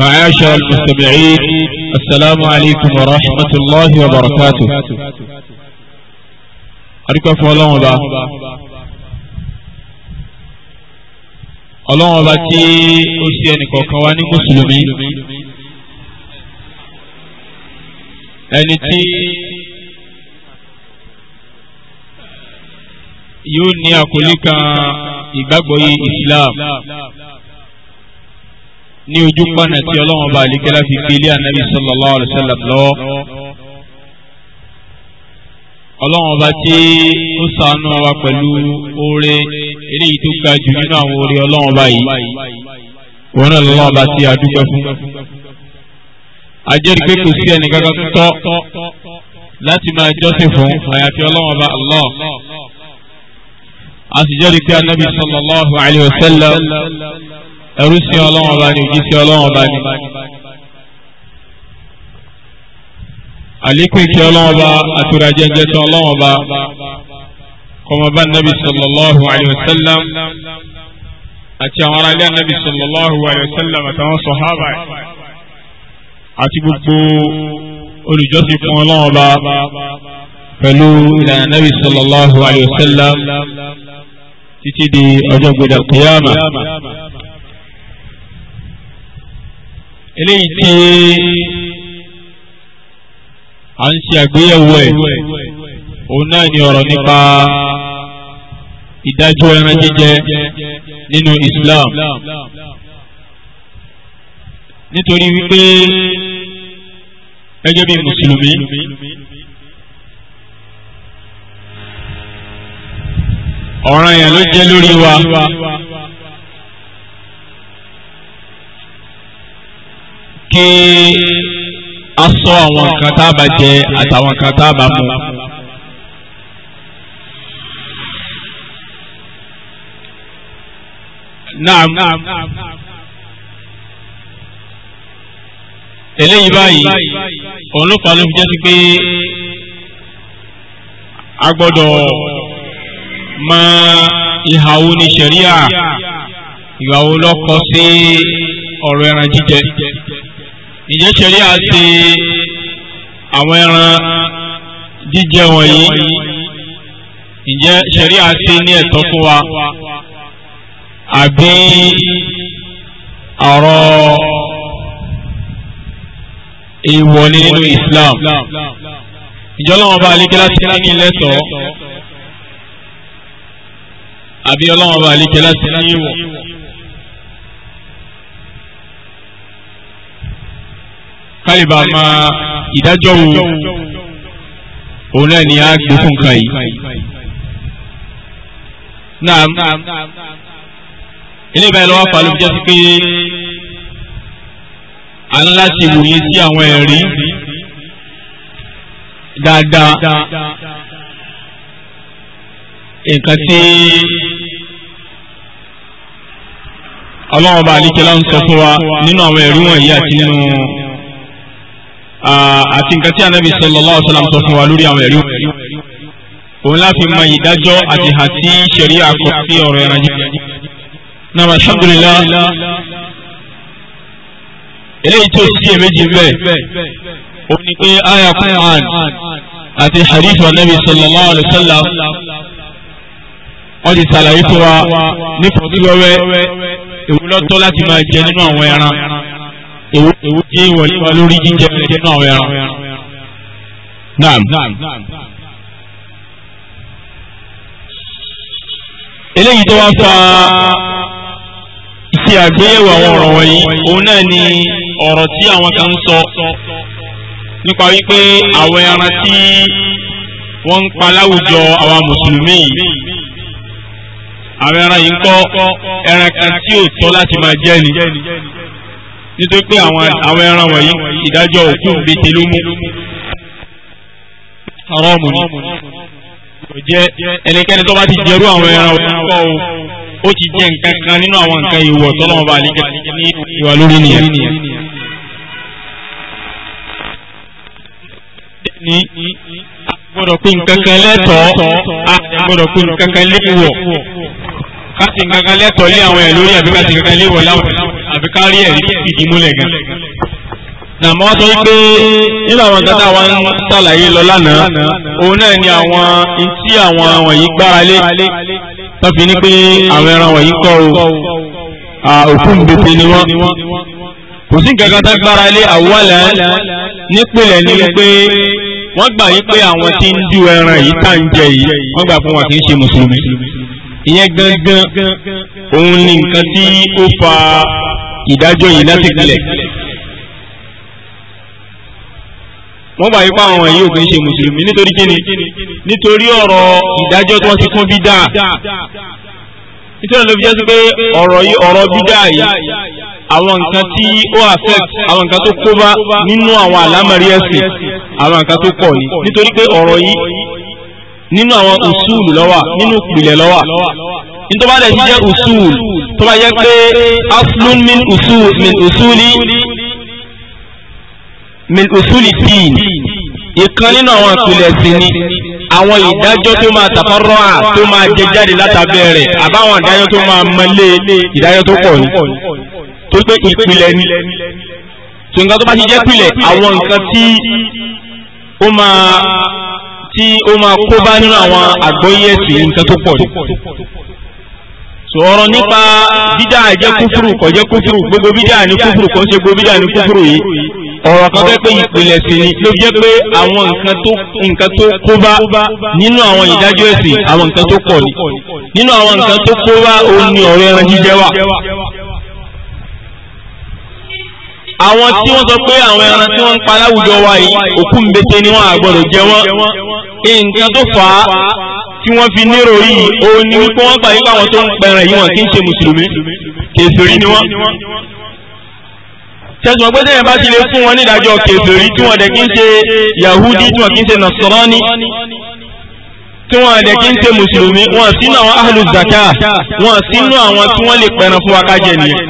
معاشر المستمعين السلام عليكم ورحمة الله وبركاته أريكم فولون با ọlọ́run ọba tí ó ṣe ẹnìkọ̀ọ̀kan wa ní mùsùlùmí ẹni tí yóò ní àkólí kan ìgbàgbọ́ yìí Islam. Islam ní ojú pọnà tí ọlọ́wọ́n bá àlíkẹ́ láti fi ilé ànábì sallallahu alaihi wasallam lọ́wọ́ ọlọ́wọ́n bá tí ó sànú wa pẹ̀lú oore eléyìí tó ga jù nínú àwọn oore ọlọ́wọ́n bá yìí òun náà lọ́wọ́n bá tí a dúpẹ́ fún. ajẹ́rìí pé kò sí ẹnì kankan tó tọ́ láti máa jọ́sìn fún àyàfi ọlọ́wọ́n bá Allah a sì jẹ́rìí pé ànábì sallallahu alaihi wasallam ẹrú sí ọlọ́run ọba ni òjì sí ọlọ́run ọba ni. àlékún ìkẹ́ ọlọ́run ọba àtúrà jẹjẹ tó ọlọ́run ọba kọmọba nabi sallallahu alayhi wa sallam àti àwọn ará ilé nabi sallallahu alayhi wa sallam àtàwọn sọ̀hábà àti gbogbo olùjọ́sìn fún ọlọ́run ọba pẹ̀lú ìlànà nabi sallallahu alayhi wa sallam títí di ọjọ́ gbẹdẹ kìyàmà. eléyìí tí a ń ṣe àgbéyẹ̀wò ẹ̀ òun náà ni ọ̀rọ̀ nípa ìdájọ́ ẹran jíjẹ nínú Islam nítorí wípé gẹ́gẹ́ bí mùsùlùmí ọ̀ranyàn ló jẹ́ lórí wa. kí a sọ àwọn nǹkan tá jẹ àtàwọn nǹkan tá a bá mu. naam eléyìí báyìí òun ló fà ló jẹ́ sí pé a gbọ́dọ̀ mọ ìhàwó ní sẹ̀ríà ìhàwó lọ́kọ sí ọ̀rọ̀ ẹran jíjẹ. ǹjẹ́ ṣẹ̀rí à ṣe àwọn ẹran jíjẹ wọ̀nyí ǹjẹ́ ṣẹ̀rí à ṣe ní ẹ̀tọ́ fún wa àbí ọ̀rọ̀ èèwọ̀ nínú Islam ìjọlọ́wọ́n bá alékẹ́ láti ní lẹ́tọ̀ọ́ àbí ọlọ́wọ́n bá alékẹ́ láti ní ìwọ̀. kálíbà máa ìdájọ́ wo òun náà ni a gbé fún nǹkan yìí. naam ilé ìbáyìí lọ́wọ́ fà ló fi jẹ́ sí pé a ń láti wòye sí àwọn ẹ̀rí dáadáa nǹkan tí ọlọ́run bá àlíkẹ́lá ń sọ fún wa nínú àwọn ẹ̀rí wọ̀nyí àti nínú àti nǹkan tí anabi sallallahu alaihi wasallam sọ fún wa lórí àwọn ẹ̀rí òun láfi mọ ìdájọ́ àti àti ṣẹ̀rí àkọ́ sí ọ̀rọ̀ ẹran jíjẹ. náà alhamdulillah eléyìí tó sí èméjì bẹ́ẹ̀ ó ní pé aya Qur'an àti hadith anabi sallallahu alaihi wasallam wọ́n ti ṣàlàyé fún wa nípa wíwẹ́wẹ́ ìwúlọ́tọ́ láti máa jẹ nínú àwọn ẹran èwo tí wọlé wa lórí jíjẹ ẹ̀jẹ̀ náà wẹ̀ ọ́. naam. eléyìí tó wá fa ṣe àgbéyẹ̀wò àwọn ọ̀rọ̀ wọ̀nyí òun náà ni ọ̀rọ̀ tí àwọn kan ń sọ nípa wípé àwọn ẹran tí wọ́n ń pa láwùjọ àwọn mùsùlùmí yìí àwọn ẹran yìí ń kọ́ ẹran kan tí ò tọ́ láti máa jẹ ni nítorí pé àwọn àwọn ẹran wọ̀nyí ìdájọ́ òkú bètè ló mú haramu ni kò jẹ ẹnikẹ́ni tó bá ti jẹrú àwọn ẹran kọ́ o ó ti jẹ nǹkan kan nínú àwọn nǹkan ìwọ̀ tọ́lọ́mọba àlejò ní ìwà lórí nìyẹn. ní gbọ́dọ̀ pé nǹkan kan lẹ́tọ̀ọ́ a gbọ́dọ̀ pé nǹkan kan léwọ̀ ká nǹkan kan lẹ́tọ̀ọ́ lé àwọn ẹ̀ lórí àbí ká nǹkan kan léwọ̀ láwùjọ àfi kárí ẹ̀rí fìdí múlẹ̀ gan. nàmọ́ tó yí pé nínú àwọn nǹkan táwọn ń ṣàlàyé lọ lánàá òun náà ni àwọn tí àwọn wọ̀nyí gbára lé tó fi ní pé àwọn ẹran wọ̀nyí kọ́ o òkú nbèbè ni wọ́n kò sí nǹkan kan tó gbára lé àwọ̀lẹ̀ nípìnlẹ̀ ni wípé wọ́n gbà yí pé àwọn tí ń ju ẹran yìí tá ń jẹ yìí wọ́n gbà fún wọn kì í ṣe mùsùlùmí ìyẹn gangan òun ni nǹkan tí ó fa ìdájọ́ yìí láti pilẹ̀ wọ́n gbà wípé àwọn yìí ò kì í ṣe mùsùlùmí nítorí kíni nítorí ọ̀rọ̀ ìdájọ́ tí wọ́n ti kún bídà nítorí ló fi jẹ́ sí pé ọ̀rọ̀ yìí ọ̀rọ̀ bídà yìí àwọn nǹkan tí ó affect àwọn nǹkan tó kó nínú àwọn àlámọ̀rí ẹ̀sìn àwọn nǹkan tó pọ̀ ni nítorí pé ọ̀rọ̀ yìí nínú àwọn usul lọ́wà nínú ìpìlẹ̀ lọ́wà nítorí bá dẹ̀ ti jẹ́ usul tó bá yẹ pé aslun min usul min usuli min usuli tiin ìkan nínú àwọn ìpìlẹ̀ sí ni àwọn ìdájọ́ tó máa tàfárọ́ à tó máa jẹ jáde látàbẹ́ rẹ̀ àbáwọn ìdájọ́ tó máa mọ́lé ìdájọ́ tó pọ̀ ní tó pé ìpìlẹ̀ ni tó nǹkan tó bá ti jẹ́ pìlẹ̀ àwọn nǹkan tí ó máa tí ó máa kó bá nínú àwọn àgbọ́yé ẹ̀sìn nǹkan tó pọ̀ ni. sọ̀rọ̀ nípa bídà jẹ́ kúfùrù kò jẹ́ kúfùrù gbogbo bídà ní kúfùrù kò ṣe gbogbo bídà ní kúfùrù yìí ọ̀rọ̀ kan fẹ́ pé ìpìlẹ̀ sí ni ló jẹ́ pé àwọn nǹkan tó kó bá nínú àwọn ìdájọ́ ẹ̀sìn àwọn nǹkan tó pọ̀ ni nínú àwọn nǹkan tó kó bá òun ni ọ̀rọ̀ ẹran jíjẹ wà àwọn tí wọ́n sọ pé àwọn ẹran tí wọ́n ń pa láwùjọ wa yìí òkú mbete ni wọ́n àgbọ̀dọ̀ jẹ wọ́n nǹkan tó fà á tí wọ́n fi nírò yìí òun ni wípé wọ́n gbà yípa àwọn tó ń pẹ̀rẹ̀ yìí wọ́n kì í ṣe mùsùlùmí kèfèrí ni wọ́n. tẹ̀sán pé sẹ́yìn bá ti lè fún wọn ní ìdájọ́ kèfèrí tí wọ́n dẹ̀ kì í ṣe yahudi tí wọ́n kì í ṣe nasarani tí wọ́n dẹ̀ kì í ṣe mùsùlùmí wọ́n sínú àwọn ahlu zaka wọ́n sínú àwọn tí wọ́n lè pẹ̀rẹ̀ fún wa kájẹ nìyẹn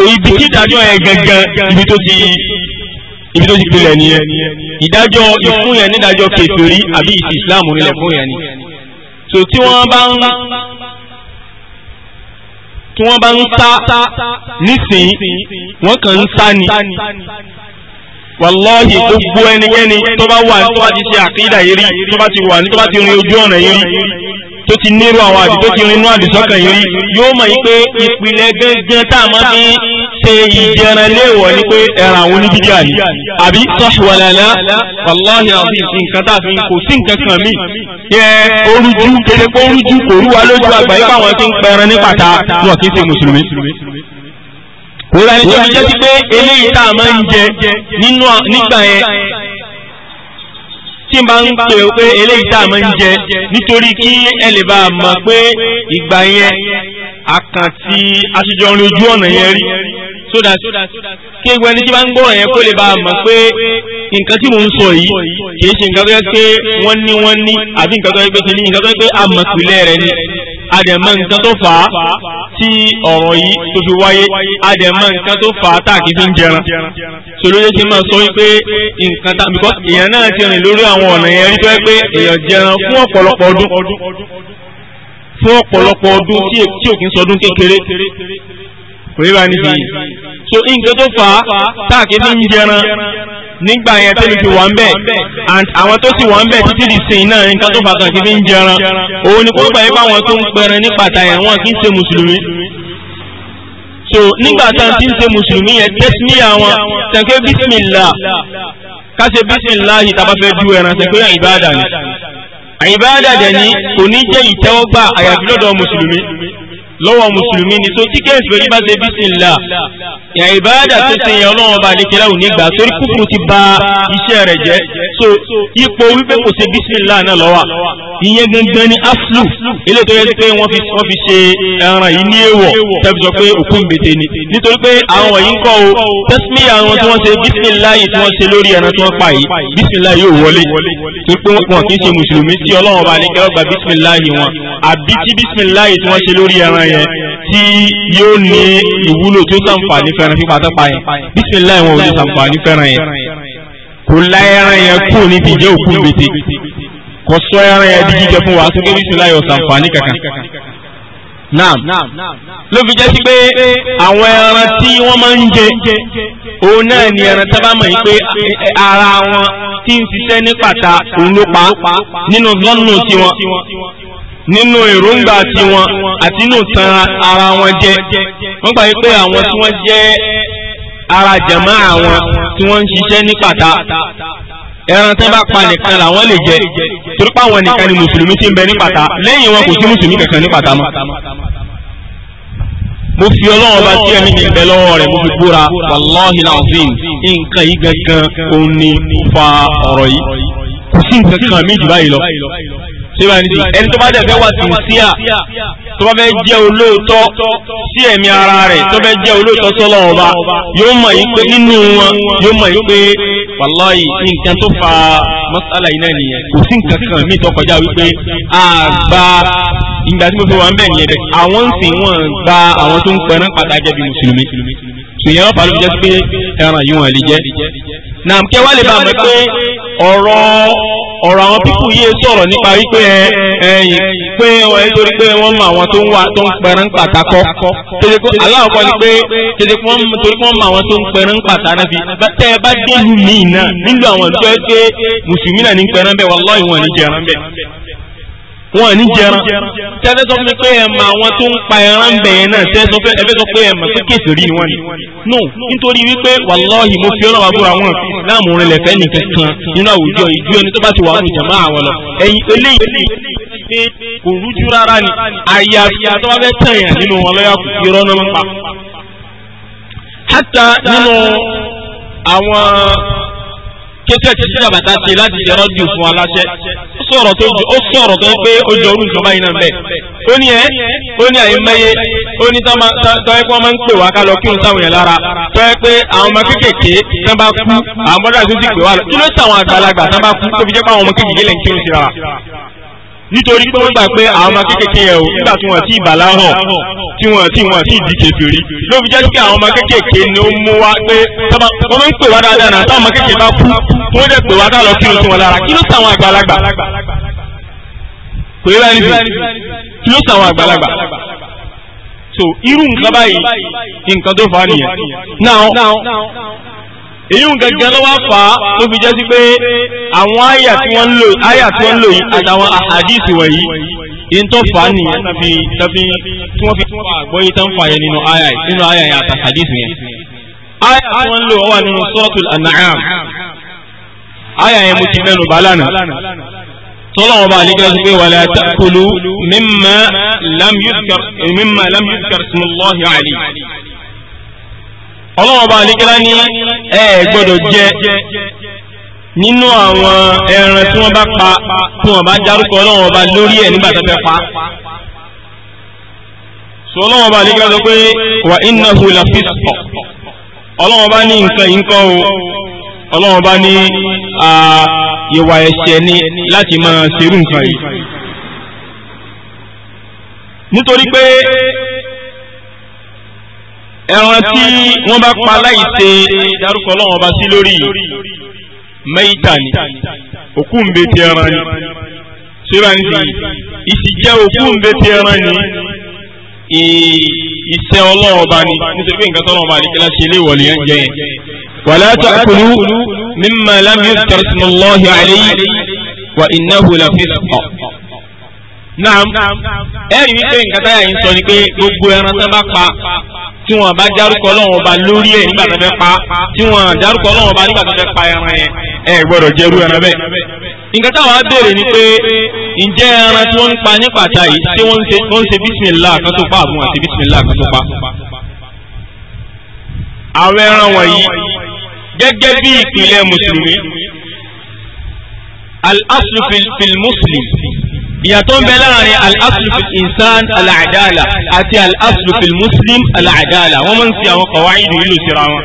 tó ibi tí ìdájọ́ yẹn gangan ibi tó ti ibi tó ti pilẹ̀ nìyẹn ìdájọ́ ìfún yẹn nídájọ́ kèfèrí àbí ìsì islam nílẹ̀ fún yẹn ni so tí wọ́n bá ń tí wọ́n bá ń sá nísìnyí wọ́n kàn ń sá ni wàlọ́ọ̀hì gbogbo ẹnikẹ́ni tó bá wà ní tó bá ti ṣe àkídà yìí rí tó bá ti wà ní tó bá ti rin ojú ọ̀nà yìí rí tó ti nírú àwọn àbí tó ti rinú àdìsọ́kàn yìí rí yóò mọ̀ pé ìpìlẹ̀ gángan tá a máa fi ṣe ìjẹran léèwọ̀ ni pé ẹran àwọn oníbídíà ni àbí sọ́ṣùwàlàlá wàláhì àbí nǹkan tá a fi kò sí nǹkan kan mí. yẹ orújú kéde pé orújú kò rú wa lójú àgbáyé báwọn ti ń pẹran ní pàtà wọn kì í mùsùlùmí kò rà ní tó fi jẹ́ sí pé eléyìí tá a máa ń jẹ nígbà yẹn tí n bá ń pè ó pé eléyìí tá a máa ń jẹ nítorí kí ẹ lè bá a mọ̀ pé ìgbà yẹn àkàntì aṣèjọrin ojú ọ̀nà yẹn rí sódà kí ewu ẹni tí bá ń gbọ́rọ̀ yẹn kó lè bá a mọ̀ pé nǹkan tí mò ń sọ yìí kìí ṣe nǹkan tó yẹ pé wọ́n ní wọ́n ní àbí nǹkan tó yẹ pé kìíní nǹkan tó yẹ pé àmọ̀pìlẹ̀ rẹ̀ ni àdẹ̀mọ́ nǹkan tó fà á tí ọ̀rọ̀ yìí tó fi wáyé àdẹ̀mọ́ nǹkan tó fà á táàkì fi ń jẹran sọlóye ti máa sọ wípé nǹkan tá because èèyàn náà ti rìn lórí àwọn ọ̀nà yẹn rí tó yẹ pé èèyàn jẹran fún ọ̀pọ̀lọpọ̀ ọdún fún ọ̀pọ̀lọpọ̀ ọdún tí òkín sọdún kékeré kò yẹ ní sí so nǹkan tó fà á táàkì fi ń jẹran nígbà yẹn tẹ́lẹ̀ ti wà ń bẹ̀ and àwọn tó sì wà ń bẹ̀ títí di sìn náà nǹkan tó fà kàkì fi ń jẹran òun ni kó gbà yẹ báwọn tó ń pẹran ní pàtàkì àwọn kì í ṣe mùsùlùmí so nígbà tá a ti ń ṣe mùsùlùmí yẹn tẹ́sí àwọn sẹ́ńkẹ́ bísímìlá káṣe bísímìlá yìí tá a bá fẹ́ ju ẹran sẹ́ńkẹ́ ìbáàdà ni ìbáàdà dẹ̀ ni kò ní jẹ́ ìtẹ́wọ́gbà lọ́wọ́ mùsùlùmí ni tó tí kèfèrí bá ṣe bísímillah ìyá ìbáàdà tó ṣe yẹn ọlọ́run ọba àdékẹ́lá ò ní gbà torí kúkúrú ti ba iṣẹ́ rẹ̀ jẹ́ so ipò wípé kò ṣe bísímillah náà lọ́wà ìyẹn gangan ni aflu ilé tó yẹ pé wọ́n fi ṣe ẹran yìí ní èèwọ̀ tẹ́bi sọ pé òkú ń ni nítorí pé àwọn yìí ń kọ́ o tẹ́símì àwọn tí wọ́n ṣe bísímillah yìí tí wọ́n ṣe lórí ẹran tí wọ́n pa yìí bísímillah yóò wọlé tó pé wọn kì í ṣe mùsùlùmí tí ọlọ́run ọba àdékẹ́lá gba bísímillah yìí wọn àbí tí bísímillah yìí tí wọ́n ṣe lórí ẹran yẹn tí yóò ní ìwúlò tó sàǹfààní fẹ́ràn fífa tọ́pa yẹn bísíláì wọn ò ní sàǹfààní fẹ́ràn yẹn kò lá ẹran yẹn kúrò níbi ìjẹ́ òkú gbèsè kò sọ ẹran yẹn di jíjẹ fún wa tó ké bísíláì ò sàǹfààní kankan. naam ló fi jẹ́ sí pé àwọn ẹran tí wọ́n máa ń jẹ òun náà ni ẹran tábà mọ̀ pé ara wọn tí ń ṣiṣẹ́ ní pàtà òun ló pa nínú gọ́nù tiwọn nínú èròǹgbà tiwọn àti inú tan ara wọn jẹ wọ́n gbà pé àwọn tí wọ́n jẹ́ ara jẹ̀mọ́ àwọn tí wọ́n ń ṣiṣẹ́ ní pàtà ẹran tẹ́ bá pa nìkan làwọn lè jẹ torí pé àwọn nìkan ni mùsùlùmí ti ń bẹ ní pàtà lẹ́yìn wọn kò sí mùsùlùmí kankan ní pàtà mọ́ mo fi ọlọ́run bá tí ẹni ìbẹ̀ lọ́wọ́ rẹ̀ mo fi búra wàláhì láàzín nǹkan yìí gangan òun ni fa ọ̀rọ̀ yìí kò sí nǹkan kan méjì báyìí lọ síbà ní sí ẹni tó bá dẹ̀ fẹ́ wà sínsíà tó bá fẹ́ jẹ́ olóòótọ́ sí ẹ̀mí ara rẹ̀ tó fẹ́ jẹ́ olóòótọ́ sọ́lọ́ ọba yóò mọ̀ yí pé nínú wọn yóò mọ̀ yí pé wàláyé nǹkan tó fa masala yìí náà nìyẹn kò sí nǹkan kan mí tọkọjá wípé àgbà ìgbà tí mo fi wà ń bẹ̀ nìyẹn bẹ̀ àwọn ń sìn wọn gba àwọn tó ń pẹran pàtàkì bí mùsùlùmí ṣùgbọ́n wọn pàlọ́ jẹ́ pé ẹran yìí wọn lè jẹ́. nàmkẹ́ wá lè bá mi pé ọ̀rọ̀ ọ̀rọ̀ àwọn pípù yìí sọ̀rọ̀ nípa wípé ẹ̀yìn pé ẹ torí pé wọ́n mọ àwọn tó ń wá tó ń pẹ̀rẹ̀ ń pàtàkọ́ aláwọ̀kọ́ ni pé tẹ̀lẹ́kọ́ torí pé wọ́n mọ àwọn tó ń pẹ̀rẹ̀ ń pàtàkọ́ bí tẹ́ ẹ bá dé ìlú mi náà nílùú àwọn ìlú ẹ pé mùsùlùmí náà ní pẹ̀rẹ̀ ń bẹ̀ wọ́n lọ́ ìwọ̀n ní jẹ̀rán bẹ̀ wọn ní jẹran tẹ́lẹ̀ sọ pé ẹ mọ àwọn tó ń pa ẹran bẹ̀yẹn náà tẹ́lẹ̀ sọ pé ẹfẹ́ sọ pé ẹ mọ pé kèfèrí ni wọ́n ni. no nítorí wípé wàláhì mo fi ọlọ́wà búra wọn láàmú rẹ̀ lẹ́fẹ́ nìkan kan nínú àwùjọ ìjú ẹni tó bá ti wà ní ìjàmbá àwọn lọ. ẹyin eléyìí pé kò rújú rárá ni àyàfi tó bá fẹ́ tàn yàn nínú wọn lọ́yà kò fi rọ́nà pa. hátà nínú àwọn kéṣẹ́ẹ̀tì tí jàbàtà ṣe láti ṣe rọ́dìò fún aláṣẹ ó sọ̀rọ̀ tó ó sọ̀rọ̀ tó pé ó jọ orú ìjọba yìí náà bẹ́ẹ̀ ó ní ẹ ó ní àyínmẹ́yẹ ó ní tọ́yẹ pé wọ́n máa ń pè wá ká lọ kírun sáwọn yẹn lára tọ́yẹ pé àwọn ọmọ kéékèèké tán bá kú àwọn mọ́dà tó ti pè wá lọ kí ló sàwọn àgbàlagbà tán bá kú tó fi jẹ́ pé àwọn ọmọ kéékèèké lẹ́ ń kírun síra nítorí pé wọ́n gbà pé àwọn ọmọ kékèké yẹn o nígbà tí wọ́n ti ìbàlá hàn tí wọ́n ti wọ́n ti di kèfèrí ló fi jẹ́ pé àwọn ọmọ kékèké ni ó mú wa pé wọ́n máa ń pè wá dáadáa náà táwọn ọmọ kékèké bá kú wọ́n dẹ̀ pè wá dá lọ kírun sí wọn lára kí ló sàwọn àgbàlagbà pé báyìí kí ló sàwọn àgbàlagbà so irú nǹkan báyìí nǹkan tó fà á nìyẹn now èyí ń gẹ̀gẹ́ ló wá fà á tó fi jẹ́ sí pé àwọn àyà tí wọ́n ń lò àyà tí wọ́n ń lò yìí àtàwọn àhàdíìsì wọ̀nyí yìí ń tó fà á nìyẹn tàbí tàbí tí wọ́n fi fà àgbọ́yé tán fà yẹn nínú àyà nínú àyà yẹn àtà àhàdíìsì yẹn. àyà tí wọ́n lò wà nínú suratul an'am àyà yẹn mo ti mẹ́nu bà lánàá tọ́lọ́wọ́ àlejò sí pé wala ta'kulu mimma lam ọlọ́run ọba àlékẹ́lá ní ẹ gbọ́dọ̀ jẹ nínú àwọn ẹran tí wọ́n bá pa tí wọ́n bá dárúkọ ọlọ́run ọba lórí ẹ̀ nígbà tó fẹ́ pa sọ ọlọ́run ọba àlékẹ́lá sọ pé wà innahu la fisq ọlọ́run ọba ní nǹkan yìí ń kọ́ o ọlọ́run ọba ní ìwà ẹ̀ṣẹ̀ ni láti máa ṣerú nǹkan yìí nítorí pé ẹran tí wọ́n bá pa láì ṣe dárúkọ ọlọ́run ọba sí lórí mẹ́ìtà ni òkú ń bẹ ti ẹran ni ṣébà ní sèyí ìsìjẹ́ òkú ń bẹ ti ẹran ni ìṣẹ́ ọlọ́run ọba ni nítorí pé nǹkan tọ́lọ́run ọba àdìkẹ́lá ṣe ilé ìwọ̀lì yẹn jẹ́ yẹn. wala ta'kulu mimma lam yuzkar ismullahi alayhi wa innahu naam ẹ̀rí wípé nǹkan táyà yìí sọ ni pé gbogbo ẹran tó bá pa tí wọ́n bá dárúkọ Ọlọ́run ọba lórí ẹ̀ nígbà tó fẹ́ pa tí wọ́n dárúkọ Ọlọ́run ọba nígbà tó fẹ́ pa ẹran yẹn ẹ gbọ́dọ̀ jẹ́rú ẹran bẹ́ẹ̀. nǹkan táwọn á béèrè ni pé ǹjẹ́ ẹran tí wọ́n ń pa ní pàtà yìí ṣé wọ́n ń ṣe bísímìlá kan tó pa àbúrò àti bísímìlá kan tó pa. àwọn ẹran wọ̀nyí gẹ́gẹ́ bí ìpìlẹ̀ mùsùlùmí al-aslu fil muslim ìyàtọ̀ ń bẹ láàrin al-aslufil insan al-adala àti al-aslufil muslim al-adala wọ́n máa ń ṣe àwọn kọ̀wáìdù ìlú síra wọn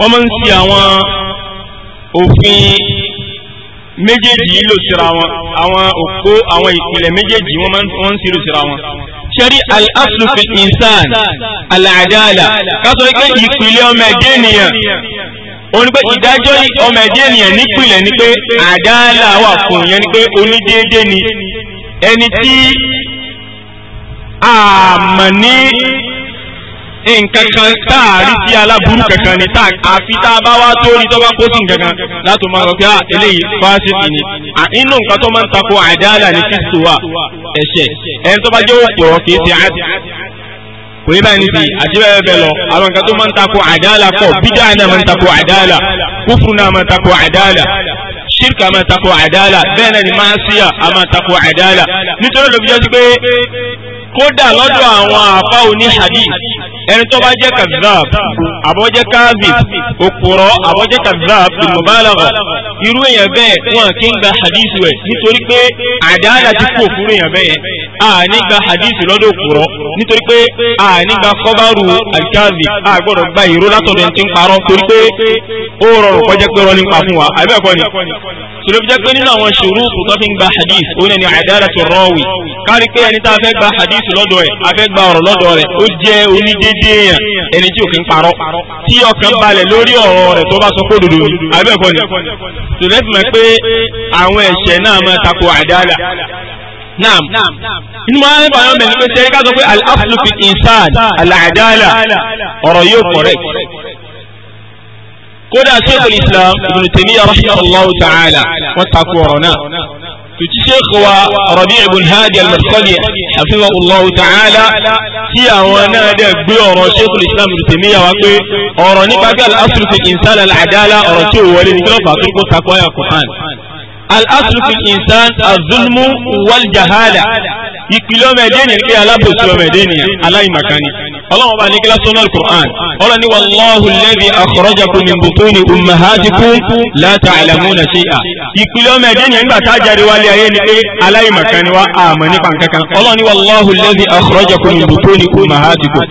wọ́n máa ń ṣe àwọn òfin méjèèjì ìlú síra wọn àwọn òkó àwọn ìpìlẹ̀ méjèèjì wọ́n máa ń ṣe ìlú síra wọn ṣẹ́rí al-aslufil insan al-adala kátó ike ìpìlẹ̀ ọmọ ẹ̀dẹ́ ènìyàn òun ni pé ìdájọ́ ọmọ ẹ̀dẹ́ ènìyàn nípìnlẹ̀ ni pé àdáàlà wà fún ìyẹn ni pé onídéédé ni ẹni tí àmọ̀ ní nǹkan kan táàrí sí aláburú kankan ni tá àfi tá a bá wá tó rí tó bá kó sí nǹkan kan láti máa rọ pé ah, à eléyìí fásitì ni inú nǹkan tó máa ń tako àdáàlà ní kristo wa ẹ̀ṣẹ̀ ẹni tó bá jẹ́ òpòrọ̀ kì í ṣe àti kò ní báyìí nìyí àti bẹ́ẹ̀ bẹ́ẹ̀ lọ àwọn nǹkan tó máa ń tako àdáàlà pọ̀ bídà náà máa ń tako àdáàlà kúfù náà máa ń tako àdáàlà ṣírkà máa takò àdáàlà bẹ́ẹ̀ náà ni máa síyà a máa takò àdáàlà nítorí ló fi jẹ́ pé kódà lọ́dọ̀ àwọn àfa òní hadith ẹni tó bá jẹ́ kazab àbọ̀jẹ́ kazib òpùrọ̀ àbọ̀jẹ́ kazab ìmọ̀bálàgà irú èèyàn bẹ́ẹ̀ wọn kì í gba hadith rẹ̀ nítorí pé àdáàlà ti kú òfin èèyàn bẹ́ẹ̀ àní gba hadith lọ́dọ̀ òpùrọ̀ nítorí pé àní gba kọ́bárù alkazib àgbọ̀dọ̀ gba ìró látọ̀dọ̀ ti ń parọ́ torí pé ó rọrùn kọjá pé rọ nípa fún wa àbẹ́ ẹ̀kọ́ ni sọlọ bí jẹ́ pé nínú àwọn ṣòro tó fi ń gba hadith ó ní àdáàlà tó rọ́ọ̀wì kárí pé ẹni tá a fẹ́ gba hadith lọ́dọ̀ ẹ̀ a fẹ́ gba ọ̀rọ̀ lọ́dọ̀ rẹ̀ ó jẹ́ onídé déédéé yàn ẹni tí ò kí ń parọ́ tí ọkàn balẹ̀ lórí ọ̀rọ̀ rẹ̀ tó bá sọ pé òdodo ni abẹ́ẹ̀kọ́ ni tòlẹ́tì mọ̀ pé àwọn ẹ̀ṣẹ̀ náà máa tako àdáàlà naam inú máa ń bàyọ̀ mẹ́rin pé sẹ́yìn ká sọ pé al-aflu fi insan al-adala ọ̀rọ̀ yóò correct kódà Shaykhul Islam Ibn Taymiyyah rahimahullahu ta'ala wọ́n tako ọ̀rọ̀ náà tòtí sheikh wa Rabi' ibn Hadi al-Madkhali hafizahullahu ta'ala tí àwọn náà dẹ̀ gbé ọ̀rọ̀ sheikh islam Ibn Taymiyyah wá pé ọ̀rọ̀ nípa bí al-aslu fi insan al-adala ọ̀rọ̀ tí ò wọlé ní kílọ̀ fà tó takọ Qur'an al-aslu fi insan az-zulmu wal-jahala ìpìlẹ̀ ọmọ ẹ̀dẹ́ nìyẹn alábòsí ọmọ ẹ̀dẹ́ nìyẹn aláìmàkánì ọlọ́run bá ní kí lásán náà Qur'an ọlọ́run ní wallahu alladhi akhrajakum min butuni ummahatikum la ta'lamuna shay'a. ìpìlẹ̀ ọmọ ẹ̀dẹ́ yẹn nígbà tá a jáde wálé ayé ni pé aláìmọ̀kan ni àmọ́ nípa nǹkan kan ọlọ́run ní wallahu alladhi akhrajakum min butuni ummahatikum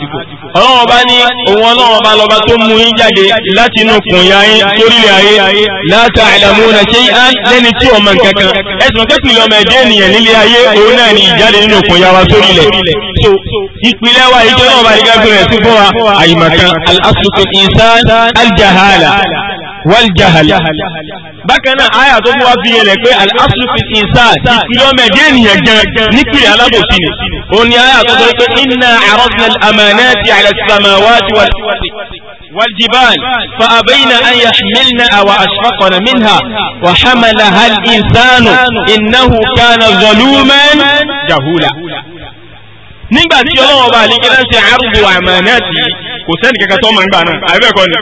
ọlọ́run ọba ní òun ọlọ́run ọba lọ́ba tó mú yín jáde láti inú kùnyà yín lórílẹ̀ ayé láta àdàmúnà ṣe án lẹ́ni tí ọmọ nǹkan kan ẹ̀sùn kẹ́pìlẹ̀ ọmọ ẹ̀dẹ́ ènìyàn nílé ayé òun náà ni ìjáde nínú kùnyà wa sórílẹ̀ so ìpìlẹ̀ wa ìjọ náà ọba ìgbà bẹ̀rẹ̀ sí fún wa àyìmọ̀kan al-aslu insan al bákan náà àyà tó fún wa fi yẹlẹ̀ pé al-aslu ìpìlẹ̀ ọmọ ẹ̀dẹ́ ènìyàn gan nípìlẹ̀ alábòsí ni بني قدرك إنا عرضنا الأمانات على السماوات والجبال فأبين أن يحملنا وأشفقنا منها وحملها الإنسان إنه كان ظلوما جهولا نبات يوم وبالك لنسي عرض أماناتي kò sẹ́ni kankan tó mọ̀ ń gbà náà àbẹ̀ kọ́ ni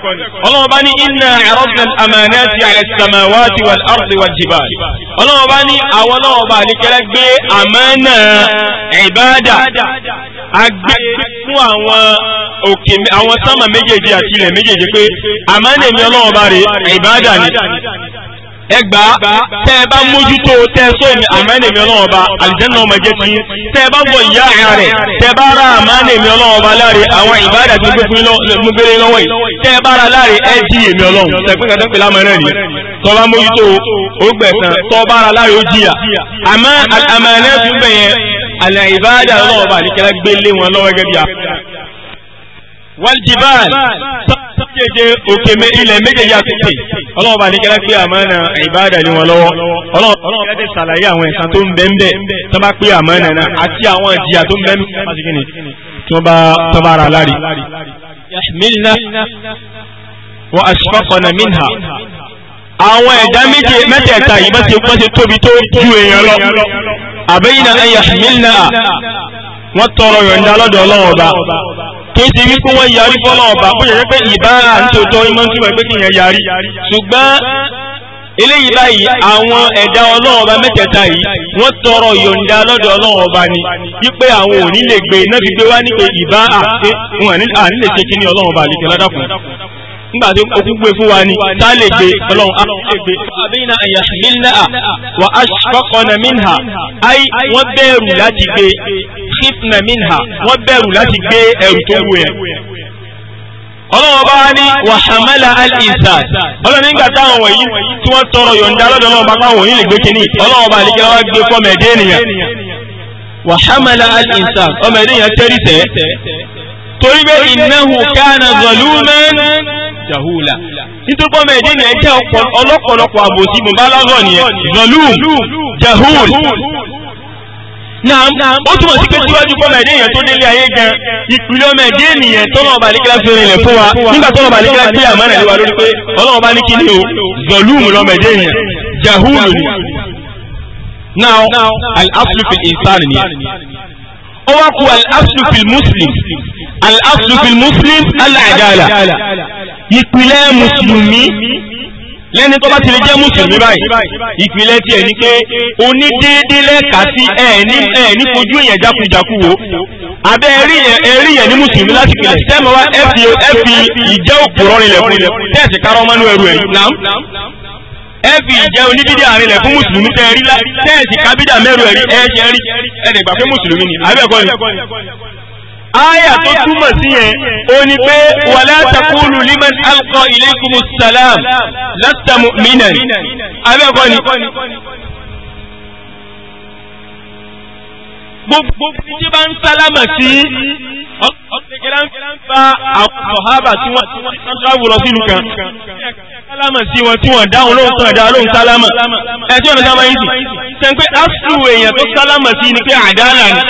ọlọ́run bá ní inna aradna al-amanati ala as-samawati wal-ardi wal-jibali ọlọ́run bá ní àwọn ọlọ́run bá àlékẹ́lẹ́ gbé àmánà ìbáàdà agbẹ́ fún àwọn òkè àwọn sánmà méjèèjì àti ilẹ̀ méjèèjì pé àmánà èmi ọlọ́run rè ìbáàdà ni ẹ gbà á tẹ ẹ bá mójútó tẹ ẹ sóòmì àmánèmí ọlọ́run ọba àlùjẹ́nà ọmọ jẹ́ ti yín tẹ ẹ bá bọ̀ ìyá àyà rẹ̀ tẹ ẹ bá ra àmánèmí ọlọ́run ọba láre àwọn ìbáàdà tí mo gbé lọ́wọ́ yìí tẹ ẹ bá ra láre ẹ jí èmi ọlọ́run tẹ̀pẹ́ kàtẹ́ pẹ̀lú àmọ́ náà nìyẹn tọ́ bá mójútó ó gbẹ̀sán tọ́ bá ra láre ó jìyà àmọ́ àmánà tún bẹ̀yẹn àlẹ́ ìbáàdà ọlọ́run ọba àdìkẹ́lá gbélé wọn lọ́wọ́ gẹ́gẹ́ ilẹ̀ méjèèjì àtúntì ọlọ́run bá ní kẹ́lẹ́ pé àmánà ìbáàdà lé wọn lọ́wọ́ ọlọ́run bá ti ṣàlàyé àwọn ẹ̀san tó ń bẹ ń bẹ tó bá pé àmánà náà àti àwọn ìjìyà tó ń bẹ ń bẹ tí wọ́n bá tọ́ba ara láre. yahmilna wa ashfaqna minha àwọn ẹ̀dá méje mẹ́tẹ̀ẹ̀ta yìí bá ti pọ́n ti tóbi tó ju èèyàn lọ àbẹ́yìn náà yahmilna wọ́n tọrọ yọ̀ǹda lọ́dọ̀ ọlọ́run kìí ṣe wípé wọ́n yarí fọ́lọ́ ọba bó ṣe jẹ́ pé ìbára àti òótọ́ ìmọ̀ ń túmọ̀ pé kí yẹn yarí ṣùgbọ́n eléyìí báyìí àwọn ẹ̀dá ọlọ́run ọba mẹ́tẹ̀ẹ̀ta yìí wọ́n tọrọ yọ̀ǹda lọ́dọ̀ ọlọ́run ọba ni wípé àwọn òní lè gbé náà fi gbé wá nípe ìbá àti wọn àní lè ṣe ọlọ́run ọba àlejò ládàkùn nígbà tí ó gbé fún wa ni tá lè gbé ọlọ́run àgbègbè àbẹ́yìnà àyà nílẹ̀ à wà á ṣọ́kọ̀nà mínà àì wọ́n bẹ̀rù láti gbé ṣífnà mínà wọ́n bẹ̀rù láti gbé ẹrù tó wù yẹn. ọlọ́run bá ní wàhámẹ́lá alìsà ọlọ́run nígbà táwọn wọ̀nyí tí wọ́n tọrọ yọ̀ǹda lọ́dọ̀ náà bá táwọn wọ̀nyí lè gbé kínní ọlọ́run bá àlejò wa gbé fọ́mẹ̀dé nìyẹn wàhámẹ́lá alìsà ọmọdé yẹn tẹ́rì tẹ́ torí bẹ́ẹ̀ innahu kana zaluman jahula nítorí pọ́mọ ẹ̀dẹ́ ni ẹ jẹ́ ọlọ́pọ̀lọpọ̀ àbòsí mọ̀bálọ́gọ̀ nìyẹn zọlú jahul náà ó túmọ̀ sí pé síwájú pọ́mọ ẹ̀dẹ́ yẹn tó délé ayé gan ìpìlẹ̀ ọmọ ẹ̀dẹ́ nìyẹn tọ́lọ́ ọba àlékílá fi rinlẹ̀ fún wa nígbà tọ́lọ́ ọba àlékílá gbé àmọ́nà lé wa lórí pé ọlọ́wọ́ bá ní kí ni o zọlú lọmọ ẹ̀dẹ́ yẹn jahul ni now al-aslu fil insan ni ó wá ku al-aslu muslim al-aslu muslim al-adala ìpìlẹ̀ mùsùlùmí lẹ́ni tó bá ti lè jẹ́ mùsùlùmí báyìí ìpìlẹ̀ tiẹ̀ ni pé onídéédé lẹ́ka sí ẹ̀ẹ́ní ẹ̀ẹ́ní fojú èèyàn jákujàku wo abẹ́ ẹ̀rí yẹn ẹ̀rí yẹn ní mùsùlùmí láti pè àti tẹ́ẹ̀mọ́ wá ẹ fi ẹ fi ìjẹ́ òpòrọ́ rinlẹ̀ fún ilẹ̀ tẹ́ẹ̀sì kárọ́ mọ́nú ẹrù ẹ̀ nàám ẹ fi ìjẹ́ onídídé àrinlẹ̀ fún mùsùlùmí tẹ́ rí tẹ́ẹ̀sì kábídà mẹ́rù ẹ̀rí ẹ̀ẹ́sì ẹ̀rí ẹ̀ẹ́dẹ̀gbà fún mùsùlùmí ni àbẹ́ẹ̀kọ́ ni aya tó túmọ̀ sí yẹn ó ní pé wàlá takulu liman alqa ilaykum salam lasta mu'minan abẹ́kọ́ ni gbogbo tí bá ń sálámà sí ọ̀pẹ̀kẹ̀lá ń fa àwọn ọ̀hábà tí wọ́n ṣáàbù lọ sílùú kan sálámà sí wọn tí wọ́n dáhùn lóhùn tán ẹ̀dá lóhùn sálámà ẹ̀jọ́ ọ̀nà sálámà yìí sì sẹ́ńpẹ́ asùlù èèyàn tó sálámà sí ni pé àdáàlà ni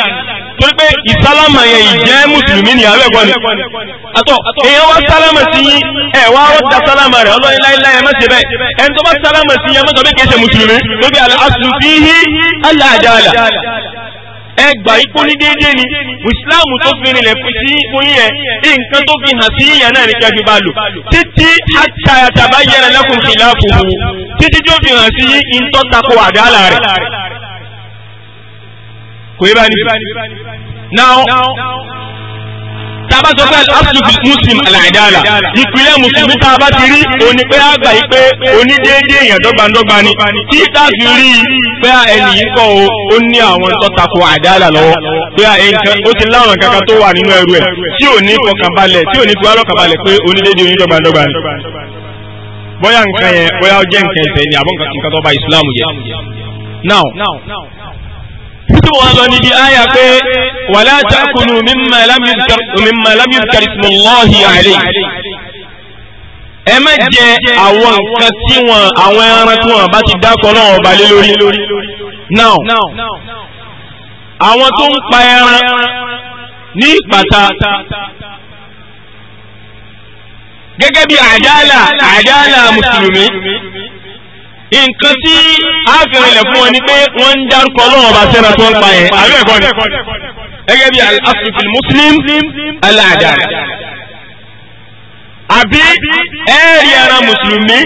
torí pé ìsálámà yẹn ìjẹ́ mùsùlùmí ni àwẹ̀ ẹ̀kọ́ ni àtọ̀ èèyàn wá sálámà sí yín ẹ̀ wá rọ́ta sálámà rẹ̀ ọlọ́run láíláí ẹ̀ mẹ́sẹ̀ bẹ́ẹ̀ ẹni tó bá sálámà sí yẹn mọ́tò bí kìí ṣe mùsùlùmí torí pé àlùsùn fi hí aláàdáàlà ẹgbà ipò ní déédéé ni ìsìláàmù tó fi rinlẹ̀ fún sí fún yín ẹ̀ nǹkan tó fi hàn sí yíyan náà ní kẹfì bá lò títí àtàyàtàbá yẹra lẹ́kùn fìlà títí tó fi hàn sí yín ìtọ́tako àdáàlà rẹ̀ kò yé báyìí. now tába sọ pé absolute muslim alaidala ìpínlẹ̀ mùsùlùmí tá a bá ti rí òní pé a gbà yí pé onídéédé èèyàn dọ́gbandọ́gba ni tí táàbì rí i pé ẹnì yìí kọ́ o ó ní àwọn tó tako àdáàlà lọ́wọ́ pé nǹkan ó ti láwọn kankan tó wà nínú ẹrù ẹ̀ tí ò ní fọkànbalẹ̀ tí ò ní fi wá lọ́kànbalẹ̀ pé onídéédé onídọ́gbandọ́gba ni bóyá nǹkan yẹn bóyá ó jẹ́ nǹkan ẹ̀ṣẹ̀ ni àbọ̀ nǹkan tó bá ìsìláàmù yẹ. now tí wọ́n lọ níbi àyà pé wala ta'kulu mimma lam yuzkar ismullahi alayhi ẹ má jẹ àwọn nǹkan tí wọn àwọn ẹran tí wọn bá ti dákọ̀ náà ọba lé lórí now àwọn tó ń pa ẹran ní ìpàtà gẹ́gẹ́ bí àjálà àjálà mùsùlùmí nǹkan tí a fi rinlẹ̀ fún wọn ni pé wọ́n ń dárúkọ lọ́wọ́ bá sẹ́ra tó ń pa yẹn àbí ẹ̀kọ́ ni gẹ́gẹ́ bí al muslim aláàdá àbí ẹ̀ẹ́rì ara mùsùlùmí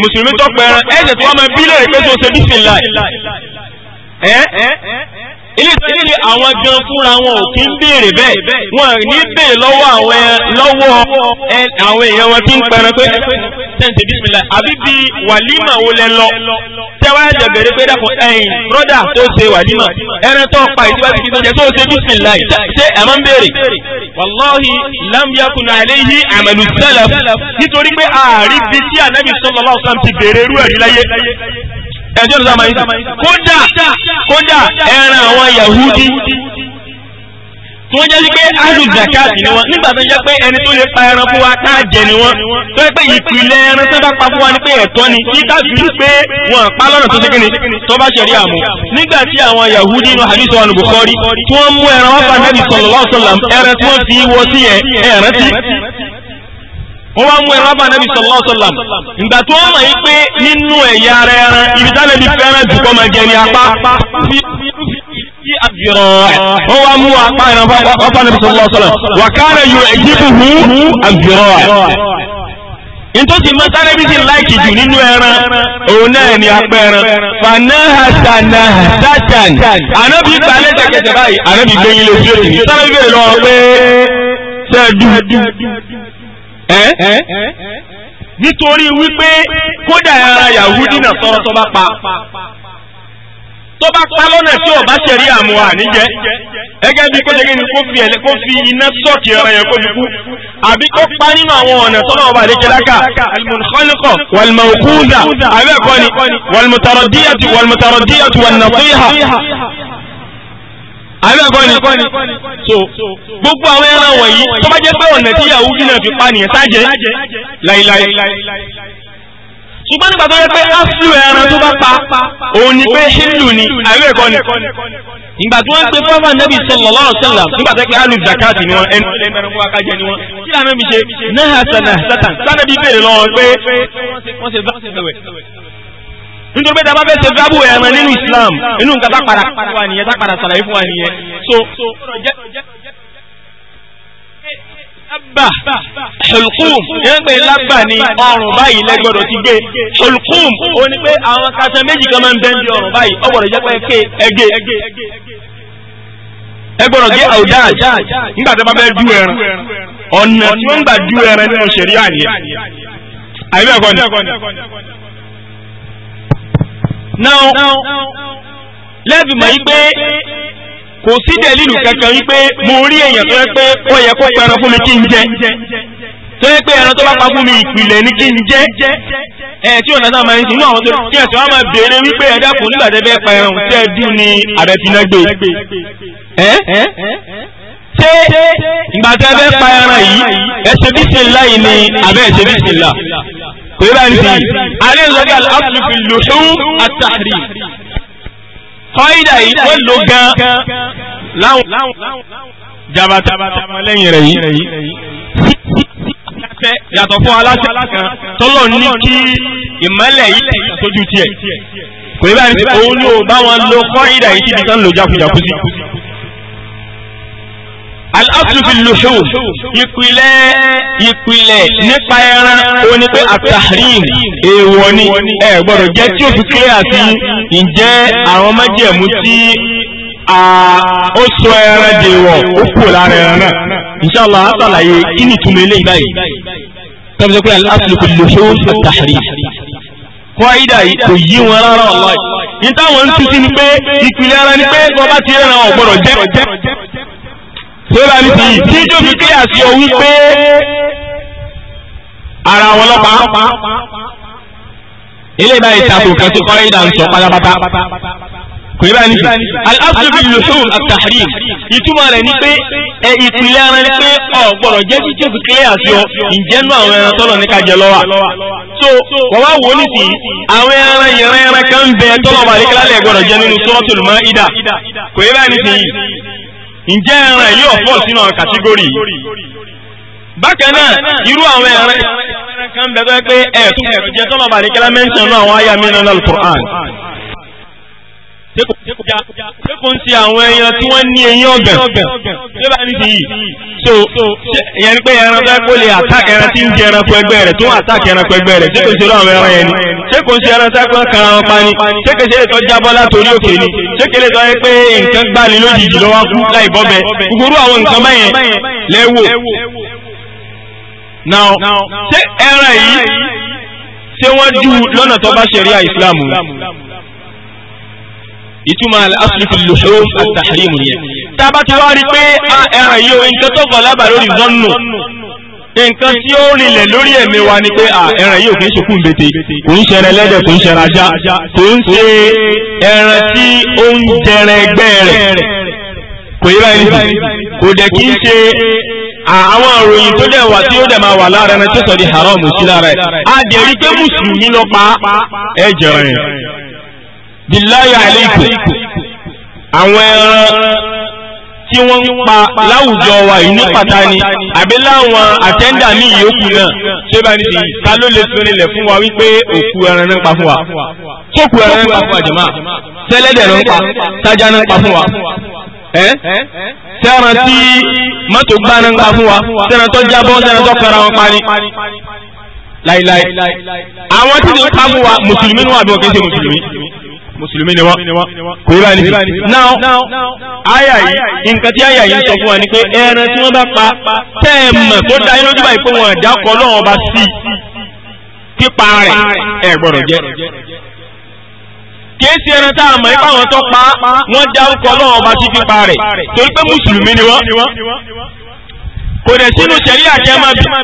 mùsùlùmí tọ́pẹ́ ẹran ẹ̀ẹ́dẹ̀ tí wọ́n máa bí lóore pé tó ṣe bísí ńlá ẹ̀ ilé ìtọ́jú ni àwọn gan fúnra wọn ò kí ń béèrè bẹ́ẹ̀ wọn ní béèrè lọ́wọ́ àwọn lọ́wọ́ àwọn èèyàn wọn tí ń pẹran pé tẹ̀sí bísímìlà àbí bí wàlímà wo lẹ lọ tẹ́wọ́ ẹ̀jẹ̀ bẹ̀rẹ̀ pé dàpọ̀ ẹ̀yìn brọ́dà tó ṣe wàlímà ẹran tó pa ìtura ti tó jẹ tó ṣe bísímìlà ṣé ẹ̀ máa ń béèrè. wàláhi lam yakun alayhi amalu salaf nítorí pé ààrí bíi tí ànábì sallallahu ẹjọ́ ìlú sábà yìí kódà kódà ẹran àwọn Yahudi tí wọ́n jẹ́ sí pé alu zakat ni wọ́n nígbà tó jẹ́ pé ẹni tó lè pa ẹran fún wa tá a jẹ ni wọ́n tó yẹ pé ìpìlẹ̀ ẹran tó bá pa fún wa ni pé ẹ̀tọ́ ni kí káàkiri pé wọ́n pa lọ́nà tó ṣe kí ni tó bá ṣẹ̀rí àmú nígbà tí àwọn Yahudi nínú hadith wa Bukhari tí wọ́n mú ẹran wọn fa Nabi sallallahu alaihi wasallam ẹran tí wọ́n fi wọ́ sí ẹ̀ ẹ̀rántí wọ́n wá mú ẹran bá nẹ́bí sallallahu alaihi wasallam ìgbà tó wọ́n mọ̀ yí pé nínú ẹ̀yà ara ẹran ibi tá nẹ́bí fẹ́ràn jù kọ́ máa jẹ ní apá sí àjọrọ̀ wọ́n wá mú apá ẹran bá nẹ́bí sallallahu alaihi wasallam wa kana yu'jibuhu àjọrọ̀ nítòsí mọ́sálẹ́bísì láìkì jù nínú ẹran òun náà ni apẹ́ran fanahasana satan anábì gbalẹ̀ tẹ̀kẹ̀tẹ̀ báyìí anábì gbẹ̀yìn lè fi òsì ní sábẹ́ bèrè lọ́wọ́ pé ṣẹ́ẹ̀dù ẹ́ nítorí wípé kódà ara Yahudi náà sọ̀rọ̀ tó bá pa tó bá pa lọ́nà tí ò ṣẹ̀rí àmọ́ àníjẹ́ gẹ́gẹ́ bí kó jẹ́gẹ́ ni kó fi ẹ̀lẹ́ kó fi iná sọ́ọ̀kì ọ̀rọ̀ yẹn kó fi kú àbí kó pa nínú àwọn ọ̀nà tọ́nà ọba àdékẹ́láka alimunkhaliqa walmawquza abẹ́ẹ̀kọ́ ni walmutaradiyati walmutaradiyati wannasiha àbẹ́ẹ̀kọ́ ni so gbogbo àwọn ẹran wọ̀nyí tó bá jẹ́ pé ọ̀nà tí Yahudi náà fi pa nìyẹn sájẹ́ láìláì ṣùgbọ́n nígbà tó yẹ pé áṣù ẹran tó bá pa òun ni pé hindu ni àbẹ́ẹ̀kọ́ ni ìgbà tí wọ́n ń pe fọ́fà nẹ́bí sallallahu alaihi wasallam nígbà tó yẹ pé alu zakati ni wọ́n ẹnu ẹnu fún akájẹ ni wọ́n kí lànà mi ṣe náà sànà sátán sátán bí bèrè lọ́wọ́ pé wọ́n ṣe nítorí pé dábàá fẹ́ ṣe gábù ẹ̀ràn nínú Islam inú nǹkan tá padà fún wa nìyẹn tá padà sàlàyé fún wa nìyẹn so lábà ṣolùkùm yẹn pé lábà ni ọrùn báyìí lẹ́gbọ́dọ̀ ti gbé ṣolùkùm ó ní pé àwọn kàṣẹ méjì kan máa ń bẹ́ ń di ọrùn báyìí ọgbọ̀dọ̀ jẹ́ pé ké ẹgbẹ́ ẹgbọ́dọ̀ gé àwùjáàj nígbà tó bá bẹ́ du ẹran ọ̀nà tí wọ́n gbà du ẹran nínú ṣẹ̀ríà nìyẹn àyíbẹ̀ kọ́ni now lẹ́bi mọ̀ yí pé kò sí dẹ̀lílù kankan yí pé mo rí èèyàn tó yẹ pé ó yẹ kó pẹran fún mi kí n jẹ tó yẹ pé ẹran tó bá pa fún mi ìpìlẹ̀ ní kí n jẹ́ ẹ tí ọ̀nà náà máa ń sinú àwọn tó kí ẹ̀sìn wọn máa béèrè wípé ẹ̀dá kò nígbà tẹ́ bẹ́ẹ̀ pa ẹran tẹ́ ẹ dùn ní àbẹ̀fínà gbé ṣé ìgbà tẹ́ bẹ́ẹ̀ pa ẹran yìí ẹ ṣe bí ṣe láì ní àbẹ́ ẹ ṣe bí ṣe là kò yẹ báyìí nìyí alẹ́ ìlọ́gà àtúnfi lòṣùn àtàrí kọ́ídà yìí wọ́n lò gan láwọn jabata lẹ́yìn rẹ̀ yìí yàtọ̀ fún aláṣẹ kan tọ́lọ̀ ní kí ìmọ́lẹ̀ yìí tójú tiẹ̀ kò yẹ báyìí ni ò bá wọn lo kọ́ídà yìí síbi tán lò jákujàku sí al'abdufin luhum ìpìlẹ̀ ìpìlẹ̀ nípa ẹran o ní pé àtàrín èèwọ̀ ni ẹ gbọ́dọ̀ jẹ́ tí ó fi kílẹ̀ àti ǹjẹ́ àwọn májẹ̀mú tí ó sọ ẹran dèwọ̀ ó kù lára ẹran náà inshallah àtàlàyé kí ni túnmọ̀ eléyìí báyìí tọ́bi sọ pé al'abdufin luhum àtàrín kọ́ ìdá yìí kò yí wọn rárá ọ̀la yìí ní ń tún sí ni pé ìpìlẹ̀ ara ni pé bọ́ bá ti rẹ̀ ṣé ni mi tìyí tí tó fi kílẹ̀ sí ọ wípé ara wọn lọ́pàá ilé ìbáyìí tako kan tó kọ́ ìdá ń sọ pátápátá kò yẹ báyìí nìyí alábùsùnbí lòsùn àtàrí ìtumọ̀ rẹ̀ ni pé ẹ ìpìlẹ̀ ara ni pé ọ gbọ́dọ̀ jẹ́ kí jésù kílẹ̀ àti ọ ìjẹ́nu àwọn ẹran tọ́lọ̀ ní ká jẹ lọ́wọ́ so wọ́n wá wò nísì àwọn ẹran ìran ẹran kan ń bẹ tọ́lọ̀ wà ní kílálẹ̀ gbọ́dọ̀ jẹ nínú suratul Maida kò yẹ báyìí ǹjẹ́ ẹran ẹ̀ yóò fọ́ sínú àwọn kàtígórì bákan náà irú àwọn ẹran kan bẹ̀rẹ̀ pé ẹ̀ tó jẹ́ tọ́lọ̀ bàdékẹ́lá mẹ́ńsàn náà àwọn àyà mi náà lọ́lùkùrán ṣé kò ń ṣe àwọn ẹyàn tí wọ́n ní eyín ọ̀bẹ̀ ṣé bá ní sìn yìí so ìyẹn ni pé ẹran tó kó lè àtàkì ẹran tí ń di ẹranko ẹgbẹ́ rẹ̀ tó ń àtàkì ẹranko ẹgbẹ́ rẹ̀ ṣé kò ń ṣe lọ́wọ́ ẹran yẹn ni ṣé kò ń ṣe ẹran tákùn kara wọn pa ṣé kò ń ṣe lè tọ́ jábọ́ látòrí òkè ni ṣé kò lè tọ́ yẹ pé nǹkan gbá lójijì lọ́wọ́ kú láì bọ́ bẹ́ẹ̀ gbogbo àwọn nǹkan báyẹn lẹ́wọ̀ now ṣé ẹran yìí ṣé wọ́n jù lọ́nà tó bá ṣẹ̀ríà ìsìlámù ìtumọ̀ asùlùfù lòṣòwò àtàrímù yẹn tá a bá ti wá rí pé ẹran yìí o nǹkan tó kọ̀ lábàá lórí zọ́nù nǹkan tí ó rinlẹ̀ lórí ẹ̀mí wa ni pé ẹran yìí ò kì í ṣokùn bètè kò ń ṣẹrẹ lẹ́dẹ̀ kò ń ṣẹrẹ ajá kò ń ṣe ẹran tí ó ń jẹrẹ ẹgbẹ́ rẹ̀ kò yí báyìí kò dẹ̀ kì í ṣe àwọn òròyìn tó dẹ̀ wà tí ó dẹ̀ máa wà lára ẹni tó sọ di haram sí lára ẹ̀ a dẹ̀ pé mùsùlùmí lọ pa ẹ̀jẹ̀ rẹ̀ billahi alaykum àwọn ẹran tí wọ́n ń pa láwùjọ wa yìí ní ni àbí láwọn àtẹ́ndà ní ìyókù náà ṣé bá ní ti ta ló lè sun ilẹ̀ fún wa wípé òkú ẹran náà pa fún wa tókù ẹran náà pa fún wa jàmá tẹ́lẹ́dẹ̀ náà ń pa tájá náà ń pa fún wa sẹ́ran tí mọ́tò gbára ń pa fún wa sẹ́ran tó jábọ́ sẹ́ran tó kara wọn parí láíláí àwọn tí ti ń pa fún wa mùsùlùmí ni wọn àbí wọn kì í ṣe mùsùlùmí mùsùlùmí ni wọ́n kò yí báyìí nìyí. now aya yìí nǹkan tí aya yìí sọ fún wa ni pé ẹran tí wọ́n bá pa tẹ́ ẹ mọ̀ tó dá iná ojú báyìí pé wọn àjà kọ lọ́wọ́ ọba sí pípa rẹ̀ ẹ gbọ́dọ̀ jẹ́ kìí ṣe ẹran tá a mọ̀ ipá wọn tó pa wọ́n dárúkọ lọ́wọ́ ọba sí pípa rẹ̀ torí pé mùsùlùmí ni wọ́n kò dẹ̀ sínú ṣẹ̀ríà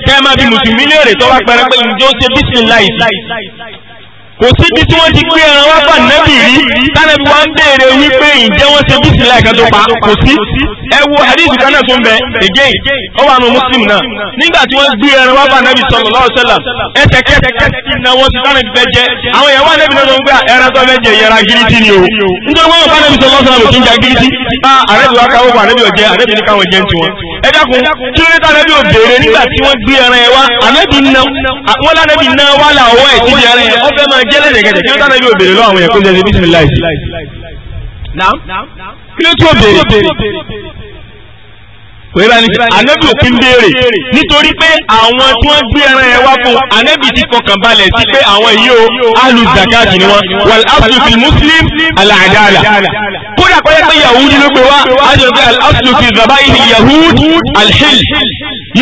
kẹ́ máa bí mùsùlùmí léèrè tó wá pẹrẹ pé ǹjọ́ ṣe bísí láì kò síbi tí wọ́n ti gbé ẹran wá bá nẹ́bì rí tánẹ́bí wá ń béèrè wípé ǹjẹ́ wọ́n ṣe bísí láìka tó pa kò sí ẹ wo àdéhùn kan náà tó ń bẹ again ó wà nù muslim náà nígbà tí wọ́n gbé ẹran wá bá nẹ́bì sallallahu alaihi wasallam ẹsẹ̀ kẹsẹ̀ iná wọn ti tánẹ́bí fẹ́ jẹ àwọn ìyàwó ànẹ́bì náà tó ń gbé ẹran tó fẹ́ jẹ ìyẹra gírísì ni o nítorí wọn ẹ dákun kí ló dé tá anábì ò béèrè nígbà tí wọ́n gbé ẹran ẹ wá anábì ná wọ́n lánàbì ná wà láwọ́ ẹ̀ síbi ẹran ẹ ọbẹ̀ máa jẹ́ lẹ́sẹ̀kẹsẹ̀ kí ló tá anábì ò béèrè lọ́wọ́ àwọn yẹn kó jẹ́ ṣe bísí pẹ̀lú àní ànábì òfin béèrè nítorí pé àwọn tí wọ́n gbé ẹran ẹ̀ wá fún ànábì ti fọkàn balẹ̀ sí pé àwọn èyí o alu zakati ni wọn wal aslu muslim alaadala kódà kọ́yẹ́ pé yahudi ló gbé wá á pé al aslu fi zabaihil yahud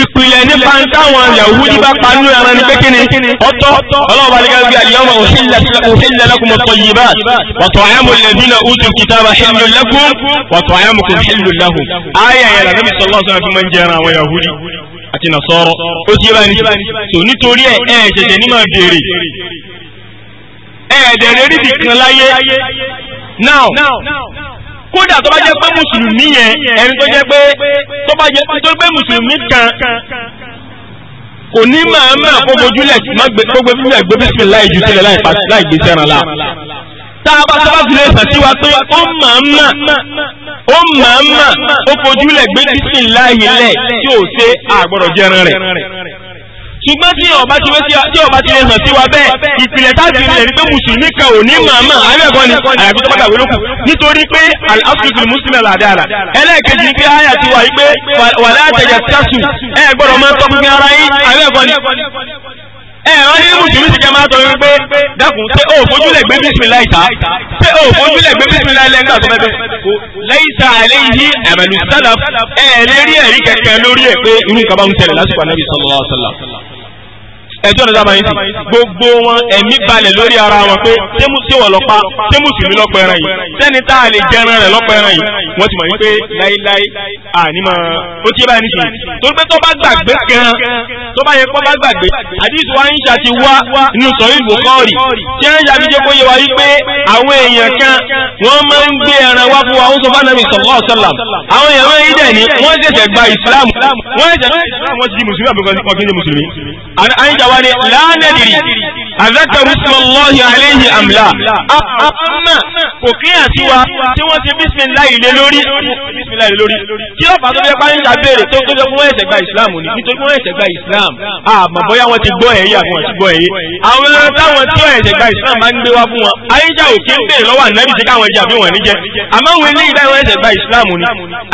ìpìlẹ̀ nípa ń táwọn Yahudi bá panú ẹran ní pékinni ọtọ ọlọ́ọ̀bá ní gábí àlìyáwó òṣèlè lakumọ̀ tọ̀yìnbá wọ̀tọ̀ àyàmù lẹ́bínà útù kìtàbà hìlù lakum wọ̀tọ̀ àyàmù kò hìlù lahum. ayé ayé la níbi sọlọ́ sọ fi máa ń jẹran àwọn Yahudi àti Nasara ó ti bá ní tò nítorí ẹ ẹ jẹjẹ ní máa béèrè ẹ ẹ̀dẹ̀ rẹ̀ kódà tó bá jẹ́ pé mùsùlùmí yẹn ẹni tó jẹ́ pé tó bá jẹ́ tó pé mùsùlùmí kan kò ní máa máa kó gbójúlẹ̀ kó gbójúlẹ̀ gbé bísí láì ju sílẹ̀ láì gbé sẹ́ran la tá a bá sábà fi lè sàn sí wa pé ó máa máa ó máa máa ó fojúlẹ̀ gbé bísí láì lẹ̀ tí ò ṣe àgbọ̀dọ̀ jẹran rẹ̀ ṣùgbọ́n tí ọba ti tí ọba ti lè hàn sí wa bẹ́ẹ̀ ìpìlẹ̀ táàbì rẹ̀ ní pé mùsùlùmí kan ò ní màmá abẹ́ẹ̀kọ́ ni àyàfi tó bàtà wílókù nítorí pé al-aslu muslim làdára ẹlẹ́ẹ̀kejì ni pé àyà ti wà yí pé wala tajassasu ẹ gbọ́dọ̀ máa tọ́ pínpín ara yín abẹ́ẹ̀kọ́ ni ẹ rántí mùsùlùmí ti jẹ́ máa tọ́ wípé dákun ṣé ó fojú lẹ̀ gbé bísí pẹ́ oh, ò fojúlẹ̀ gbé bísí láì lẹ́gbà tó bẹ́ẹ̀ lẹ́yìnsá àlẹ́yìí àmàlù sálà ẹ̀ẹ́dẹ́rì ẹ̀rí kẹ̀kẹ́ lórí ẹ̀ pé irú nǹkan bá ń tẹ̀lé lásìkò ànábì sallallahu alaihi ẹjọ́ ní sábà yìí sí gbogbo wọn ẹ̀mí balẹ̀ lórí ara wọn pé ṣé wọ́n lọ́pa ṣé mùsùlùmí lọ́pọ̀ ẹran yìí sẹ́ni tá a lè jẹran rẹ̀ lọ́pọ̀ ẹran yìí wọ́n ti mọ̀ wípé láíláí ànímọ̀ ó ti báyìí nìṣẹ́ tó pé tó bá gbàgbé kan tó bá yẹ kó bá gbàgbé àdìsí wa ń ṣe àti wá nínú sọ̀rọ̀ ìbò kọ́ọ̀rì tí ẹ̀ ń ṣàfijẹ́ kó yẹ wa wípé àwọn èèyàn kan wọ́n máa ń gbé ẹran wá fún wa ó sọ fún anabi sọ̀rọ̀ ọ̀sọ̀làm àwọn èèyàn wọn yìí dẹ̀ ni wọ́n ṣẹ̀ṣẹ̀ gba ìsìlámù wọ́n ṣẹ̀ṣẹ̀ gba ìsìlámù wọ́n ti di mùsùlùmí àbúkọ́ wa ni lánàdìrì azakaru sallallahu alayhi amla amma kò kíyàn sí wa tí wọ́n ti bisimilayi lé lórí bisimilayi lé lórí tí ó bàtọ́ bẹ́ẹ̀ parí ìjà béèrè tó tó fún ẹ̀sẹ̀ gba islam ni nítorí fún ẹ̀sẹ̀ gba islam àmọ́ bóyá wọ́n ti gbọ́ ẹ̀yẹ àwọn ti gbọ́ ẹ̀yẹ àwọn táwọn tí ó ẹ̀sẹ̀ gba islam máa ń gbé wá fún wọn ayíjà ò kí ń béèrè lọ́wọ́ ànábì sí káwọn ẹja bí wọ́n ní jẹ́ àmọ́ àwọn eléyìí láwọn ẹ̀sẹ̀ gba islam ni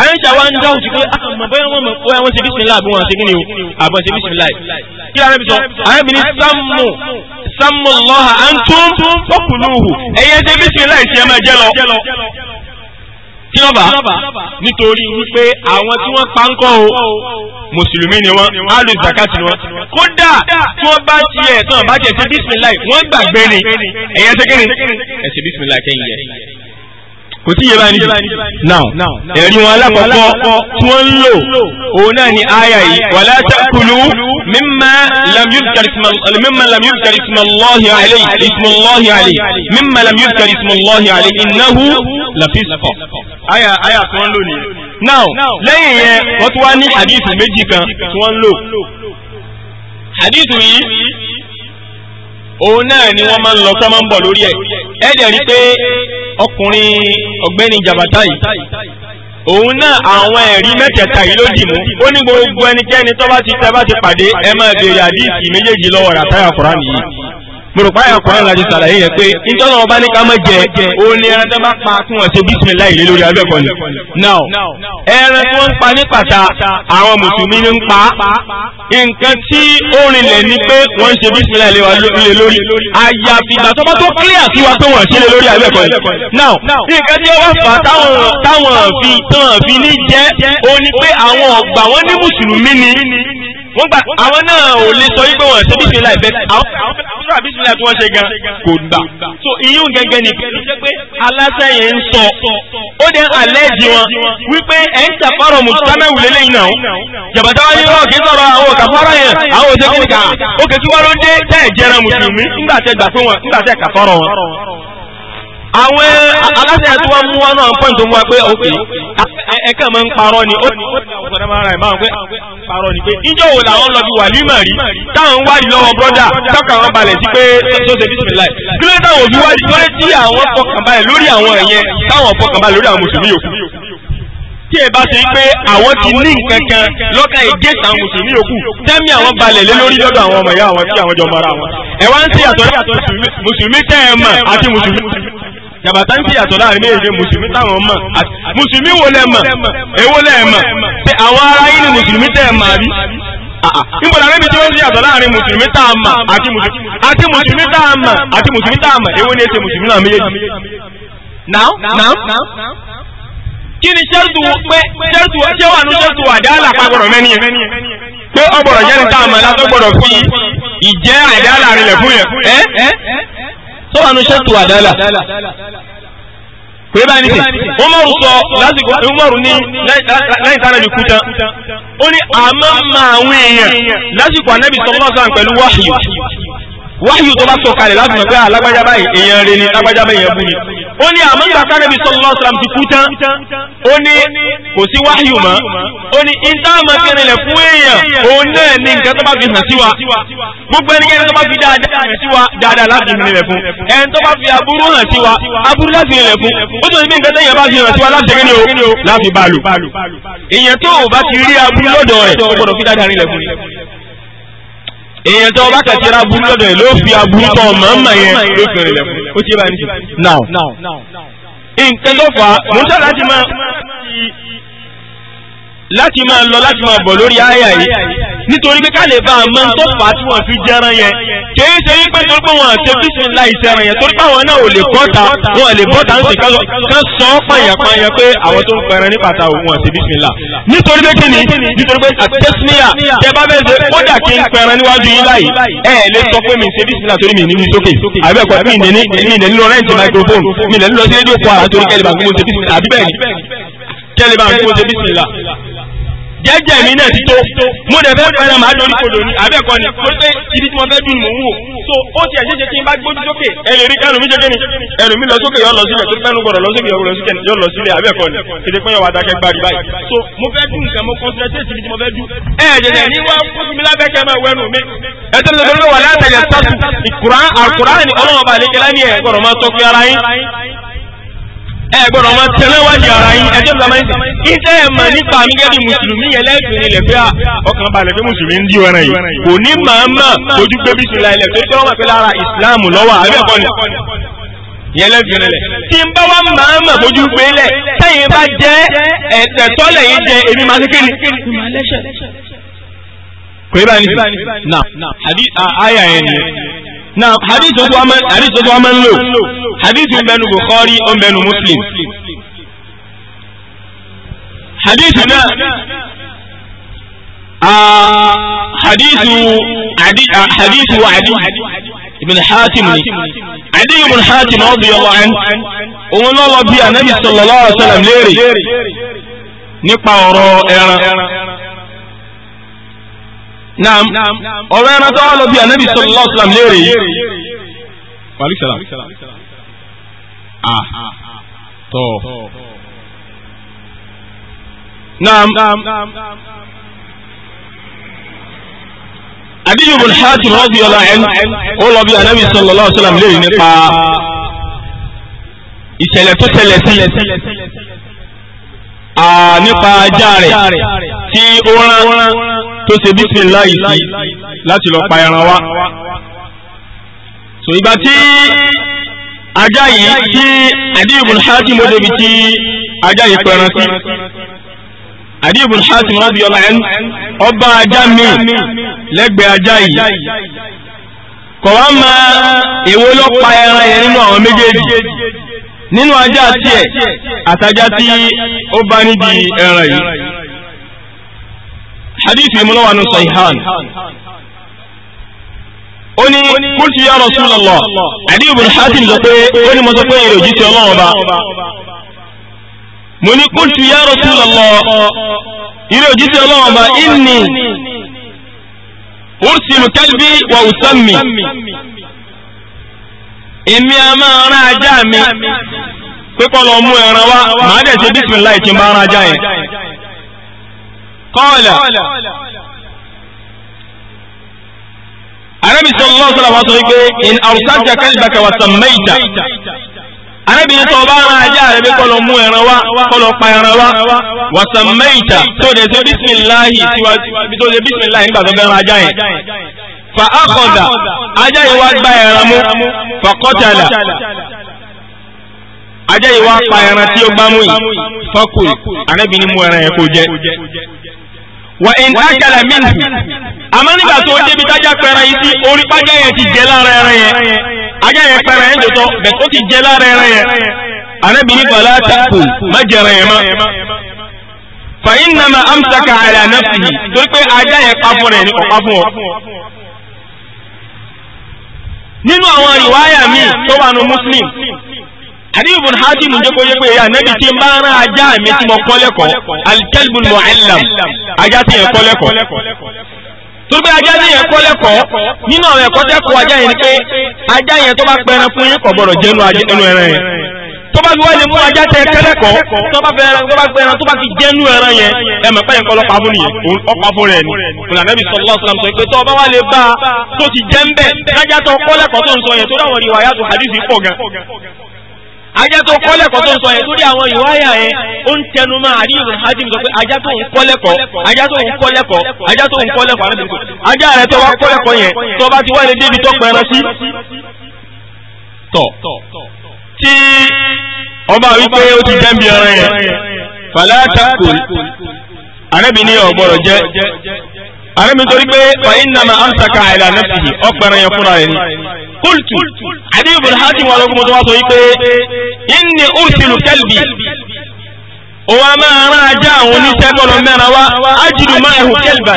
ayíjà wa ń dáhùn sí pé ah, àmọ́ bóyá wọ́n ti bisimilayi àbí wọ́n ti kí ni o àbọ̀ ti bisimilayi kí lóore bí sọ àyẹ̀bí ni sàmù sàmù lọ́hà antum fọ́kùnúhù ẹ̀yẹ ṣe bí sinmi láì ṣe ẹ máa jẹ́ lọ. kí ló bá nítorí wípé àwọn tí wọ́n pa ń kọ́ o mùsùlùmí ni wọ́n alu zakat ni wọ́n kódà tí wọ́n bá ti yẹ ẹ̀sán bá jẹ́ ṣe bísímìláì wọ́n gbàgbé ni ẹ̀yẹ ṣe kí ni ẹ̀ṣẹ̀ bísímìláì kẹ́yìn yẹ kò sí yẹba ní now ẹ̀rí wọn alákọ̀ọ́kọ́ tí wọ́n ń lò òun náà ni àyà yìí wala ta'kulu mimma lam yuzkar ismullahi alayhi ismullahi alayhi mimma lam yuzkar ismullahi alayhi innahu lafisqa àyà àyà tí wọ́n ń lò nìyẹn. now lẹ́yìn yẹn wọ́n tún wá ní hadith méjì kan tí wọ́n ń lò hadith yìí òun náà ni wọ́n máa ń lọ sọ́mọ́ ń bọ̀ lórí ẹ̀ ẹ̀ dẹ̀ rí pé ọkùnrin ọ̀gbẹ́ni jàbátá yìí òun náà àwọn ẹ̀rí mẹ́tẹ̀ẹ̀ta yìí ló dì mú ó ní gbogbo ẹnikẹ́ni tó bá ti tẹ́ bá ti pàdé ẹ máa béèrè àdíìsì méjèèjì lọ́wọ́ rà táyà yìí mùrùpáyà kọ́ra láti sàlàyé yẹn pé ìjọba ọba ní ká má jẹ òun ni ẹran tó bá pa kí wọ́n ṣe bísímìláì lé lórí abẹ́kọ̀ ni. now ẹran tí wọ́n ń pa ní pàtà àwọn mùsùlùmí ń pa nǹkan tí ó rinlẹ̀ ni pé wọ́n ṣe bísímìláì lé wa lé lórí àyàfi ìgbà tó bá tó clear sí wa pé wọ́n ṣe lórí abẹ́kọ̀ ni. now nǹkan tí wọ́n fà táwọn fi ní jẹ́ òun ni pé àwọn ọ̀gbà wọn ní mùsùlùmí ni wọ́n gbà àwọn náà ò lè sọ wípé wọ́n ṣe bísímìlá ìfẹ́ àwọn fẹ́ràn bísímìlá tí wọ́n ṣe gan kò gbà so iyún gẹ́gẹ́ ni pẹ̀lú jẹ́ pé aláṣẹ yẹn ń sọ ó dẹ́ àlẹ́jì wọn wípé ẹ̀ ń tàfàrọ̀ mùsùlùmí lélẹ́yìn náà jàbàtà wáyé rọ̀ kí sọ̀rọ̀ àwọn kàfàrọ̀ yẹn àwọn òṣèlú kìkà ó kẹ́kí wọ́n ló dé tẹ́ẹ̀ jẹ́ra mùsùlùmí ńgbà tẹ́ gbà pé wọn ńgbà tẹ́ kàfàrọ̀ wọn àwọn aláṣẹ àti wọn mú wọn náà pọ́ìn tó mú wa pé òkè ẹ̀ka máa ń parọ́ ni ó ní ọ̀sán máa ra ìbáwọn pé parọ́ ni pé níjọ́ wo làwọn lọ bí wàlímà rí táwọn wádìí lọ́wọ́ brọ́dà tọ́ka wọn balẹ̀ sí pé tó ṣe bísí láì kí ló dé táwọn òbí wádìí lórí tí àwọn fọkànbalẹ̀ lórí àwọn ẹ̀yẹn táwọn fọkànbalẹ̀ lórí àwọn mùsùlùmí yòókù tí ẹ bá ṣe pé àwọn ti ní nǹkan kan lọ́kàn ìgéṣà àwọn mùsùlùmí yòókù tẹ́mí àwọn balẹ̀ lé lórí lọ́dọ̀ àwọn ọmọ ìyá àwọn tí àwọn jọ mara wọn. ẹ wá ń ṣèyàtọ̀ yàtọ̀ mùsùlùmí tẹ́ ẹ mọ̀ àti mùsùlùmí jàbàtà ń ṣèyàtọ̀ láàrin méje mùsùlùmí táwọn mọ̀ àti mùsùlùmí wo lẹ mọ̀ èwo lẹ mọ̀ pé àwọn ará yín ni mùsùlùmí tẹ́ ẹ mọ̀ àbí nígbà lára tí wọ́n ń yàtọ̀ láàrin mùsùlùmí tá a mà àti mùsùlùmí tá a mà àti mùsùlùmí tá a mà èwo ni èsè mùsùlùmí náà méjèèjì. now now kí ni ṣẹ́rùtù pé ṣẹ́rùtù ọjọ́ wà ní ṣẹ́rùtù àdáàlà pàgbọ̀rọ̀ mẹ́ni yẹn pé ọgbọ̀rọ̀ jẹ́ni tá a mọ̀ látọ́ gbọ́dọ̀ fi ìjẹ́ àdáàlà rinlẹ̀ fún yẹn ẹ́ tó wà ní ṣẹ́rùtù àdáàlà pé báyìí nìkan Umaru sọ lásìkò Umaru ní lẹ́yìn tánà ní kúta ó ní àmọ́ máa àwọn èèyàn lásìkò Ànábì sallallahu alaihi wasallam pẹ̀lú wáhìí wáyù tó bá sọ kalẹ̀ láti mọ̀ pé alágbájá ah, báyìí èèyàn rẹ ni alágbájá báyìí èèyàn bú ni. ó ní àmọ́ ìgbà tá Ànábì sallallahu alaihi wasallam ti kú tán ó ní kò sí wáyù mọ́ ó ní ìtààmọ́ kẹrìnlẹ̀ fún èèyàn òun náà ní nǹkan tó bá fi hàn sí wa gbogbo ẹnikẹ́ni tó bá fi dáadáa hàn sí wa fún ẹni tó bá fi aburú hàn sí wa aburú láti rìnlẹ̀ fún ó tó ní bí nǹkan tẹ́yìn bá fi hàn sí wa láti rìn láti bá lò èèyàn tó ò bá ti rí aburú lọ́dọ̀ rẹ̀ èèyàn tó bá kàtí ra burú lọ́dọ̀ ẹ̀ ló fi aburú tọ́ mọ̀ọ́mọ̀ yẹn ló fi rìnlẹ̀ fún ó ti bá ní sùn. now nǹkan tó fà á mo ń sọ̀rọ̀ láti máa láti máa lọ láti máa bọ̀ lórí àyà yìí nítorí pé ká lè bá àmọ́ tó fà á tí wọ́n fi jẹran yẹn kìí ṣe wípé torí pé wọn àti bísìn láì sẹran yẹn torí báwọn náà ò lè bọ́ta wọn lè bọ́ta ń sì kán sọ ọ́ pààyàn-pààyàn pé àwọn tó ń pẹran ní pàtàkì òun àti bísìn là nítorí pé kíni nítorí pé àtẹ́síníyà tẹ bá bẹ́ẹ̀ ṣe kódà kí n pẹran níwájú yín láì ẹ lè sọ pé mi ṣe bísìn là torí mi níbi sókè jẹ́jẹ́ mi náà ti tó mo dẹ̀ fẹ́ fẹ́ràn máa lórí kodò ní abẹ́ẹ̀kọ́ ni torí pé ibi tí mo fẹ́ dùn mò ń wò so ó ti ẹ̀jẹ̀ ṣe kí n bá gbójú sókè ẹ̀rù rí ẹ̀rù mi jẹ́ kíni ẹ̀rù mi lọ sókè yọ lọ sílẹ̀ tó fẹ́ràn gbọ́dọ̀ lọ sókè yọ lọ sílẹ̀ abẹ́ẹ̀kọ́ ni kéde pé yọ wà dákẹ́ gbárí báyìí so mo fẹ́ dùn nǹkan mo concentrate ẹ gbọ́dọ̀ máa tẹ̀lé wájú ara yín ẹjọ́ ìlànà yín iṣẹ́ ẹ̀ mọ̀ nípa mi gẹ́gẹ́ bí mùsùlùmí yẹn lẹ́sìn ilẹ̀ fẹ́ ah, ọkàn balẹ̀ pé mùsùlùmí ń dí ọ̀rẹ́ yìí kò ní màá mọ̀ ojú pé bí ṣùlá ilẹ̀ tó tẹ́wọ́n pẹ̀lú ara ìsìláàmù lọ́wọ́ àbẹ́ ẹ̀kọ́ ni yẹn lẹ́sìn ilẹ̀ tí n bá wá màá mọ̀ ojú pé lẹ̀ tẹ́yìn bá jẹ́ ẹ̀sẹ̀ tọ́lẹ̀ yìí jẹ èmi máa kékeré kò yẹ báyìí nà àdí àyà yẹn ni na hadith tó tó wá máa ń lò hadith ń bẹnu Bukhari ó ń bẹnu Muslim hadith náà hadith hadith wa adi ibn Hatim ni adi ibn Hatim radiyallahu anhu òun lọ́wọ́ bí anabi sallallahu alaihi wasallam léèrè nípa ọ̀rọ̀ ẹran naam ọ̀rọ̀ ẹran tó wà lọ bí anabi sallallahu alaihi wasallam léèrè yìí wàlúùsàlà ah tọ naam adiyu bin hatim radiyallahu anhu ó lọ bí anabi sallallahu alaihi wasallam léèrè nípa ìṣẹ̀lẹ̀ tó ṣẹlẹ̀ sí nípa ajá rẹ̀ tí ó rán tó ṣe bísímìlá yìí láti lọ pa ẹran wa. sọ ìgbà tí ajá yìí tí adébùn hátìmù débi tí ajá yìí pẹran sí adébùn hátìmù radiyallahu anhu ọba ajá mi lẹ́gbẹ̀ẹ́ ajá yìí kọ̀ wá ma èwo ló pa ẹran yẹn nínú àwọn méjèèjì nínú ajá tiẹ̀ àtajá tí ó bá níbi ẹran yìí hadithi múlọ́wà ní sahihan ó ní qultu ya Rasulullah Adi ibn Hatim sọ pé ó ní mo sọ pé èrè òjíṣẹ́ ọlọ́run ọba mo ní qultu ya Rasulullah èrè òjíṣẹ́ ọlọ́run ọba inni ursilu kalbi wa usammi èmi a máa rán ajá mi pé kọ́ lọ mú ẹran wá màá dẹ̀ ṣe bísmìláì tí n kọ́ọ̀lá arábì sallallahu alaihi wasallam sọ wípé in arsalta kalbaka wa sammaita arábì ní sọ bá ara ajá rẹ̀ bí kọlọ mú ẹran wá kọlọ pa ẹran wá wa sammaita tó dẹ̀ sí bísmìláhì tó dẹ̀ bísmìláhì nígbà tó fẹ́ràn ajá yẹn fa akọ̀dà ajá yìí wá gba ẹran mú fa qatala ajá yìí wá pa ẹran tí ó gbámú yìí fọ́kù arábì ní mú ẹran yẹn kó jẹ wà ń ákàlà mìíràn àmọ́ nígbà tó o débi tájà pẹ̀rẹ̀ yìí sí orí pàjẹ́ yẹn ti jẹ́ lára ẹran yẹn ajá yẹn pẹ̀rẹ̀ yẹn tòótọ́ bẹ̀ tó ti jẹ́ lára ẹran yẹn arábìnrin bàlá takùn má jẹrẹ yẹn mọ́ fa innama amsaka ala nafsihi torí pé ajá yẹn pa fún rẹ̀ ní ọ̀pá fún ọ nínú àwọn ìwáyà míì tó wà nù muslim àdéhùn ibùn hajim ń jẹ́ kó yẹ pé ìyá nẹ́bí tí ń bá rán ajá mi tí mo kọ́ lẹ́kọ̀ọ́ alikẹ́lbùn mọ̀ẹ́làm ajá tí yẹn kọ́ lẹ́kọ̀ọ́ torípé ajá tí yẹn kọ́ lẹ́kọ̀ọ́ nínú àwọn ẹ̀kọ́ tẹ́kọ̀ọ́ ajá yẹn ni pé ajá yẹn tó bá pẹran fún yín kò gbọ́dọ̀ jẹ́nu ẹran yẹn tó bá fi wá lè mú ajá tẹ kẹlẹ́kọ̀ọ́ tó bá fẹ́ràn tó bá fẹ́ràn tó bá fi jẹ́nu ẹran yẹn ẹ mọ̀ pẹ́yìn kọ́lọ́ pàbó nìyẹn ọ̀pá fún rẹ̀ ni fúlànẹ́bí sọlọ́ sọlọ́m sọ pé tó bá wá lè bá a tó ti jẹ́ ń bẹ̀ kájá tó kọ́lẹ́kọ̀ọ́ tó ń sọ yẹn tó dáwọn ìwà yàtọ̀ hadisi pọ̀ gan ajá tó kọ́ lẹ́kọ̀ọ́ tó ń sọ yẹn torí àwọn ìwáyà yẹn ó ń tẹnu mọ́ àríyìn hajjim sọ pé ajá tó ń kọ́ lẹ́kọ̀ọ́ ajá tó ń kọ́ lẹ́kọ̀ọ́ ajá tó ń kọ́ lẹ́kọ̀ọ́ alábìrìkọ́ ajá rẹ̀ tó wá kọ́ lẹ́kọ̀ọ́ yẹn tó bá ti wáyé débi tó pẹ̀rẹ̀ sí. tọ̀ tí ọba wípé ó ti jẹ́ ń bí ọ̀rẹ́ yẹn fàlẹ́ àtàkùn àrẹ́bìnrin ọ̀gbọ́rọ̀ jẹ́ ààrẹ mi torí pé fàyín nàmà amsaka àìlà nàfìhì ọgbàrán yẹn fúnra rẹ̀ ni. kultu adiyu bin hajj wà lókun tó wá sọ wípé inni ursilu kalbi òun a máa rán ajá àwọn oníṣẹ́ bọ́ọ̀lù mẹ́rin wá ajidu ma'ahu kalba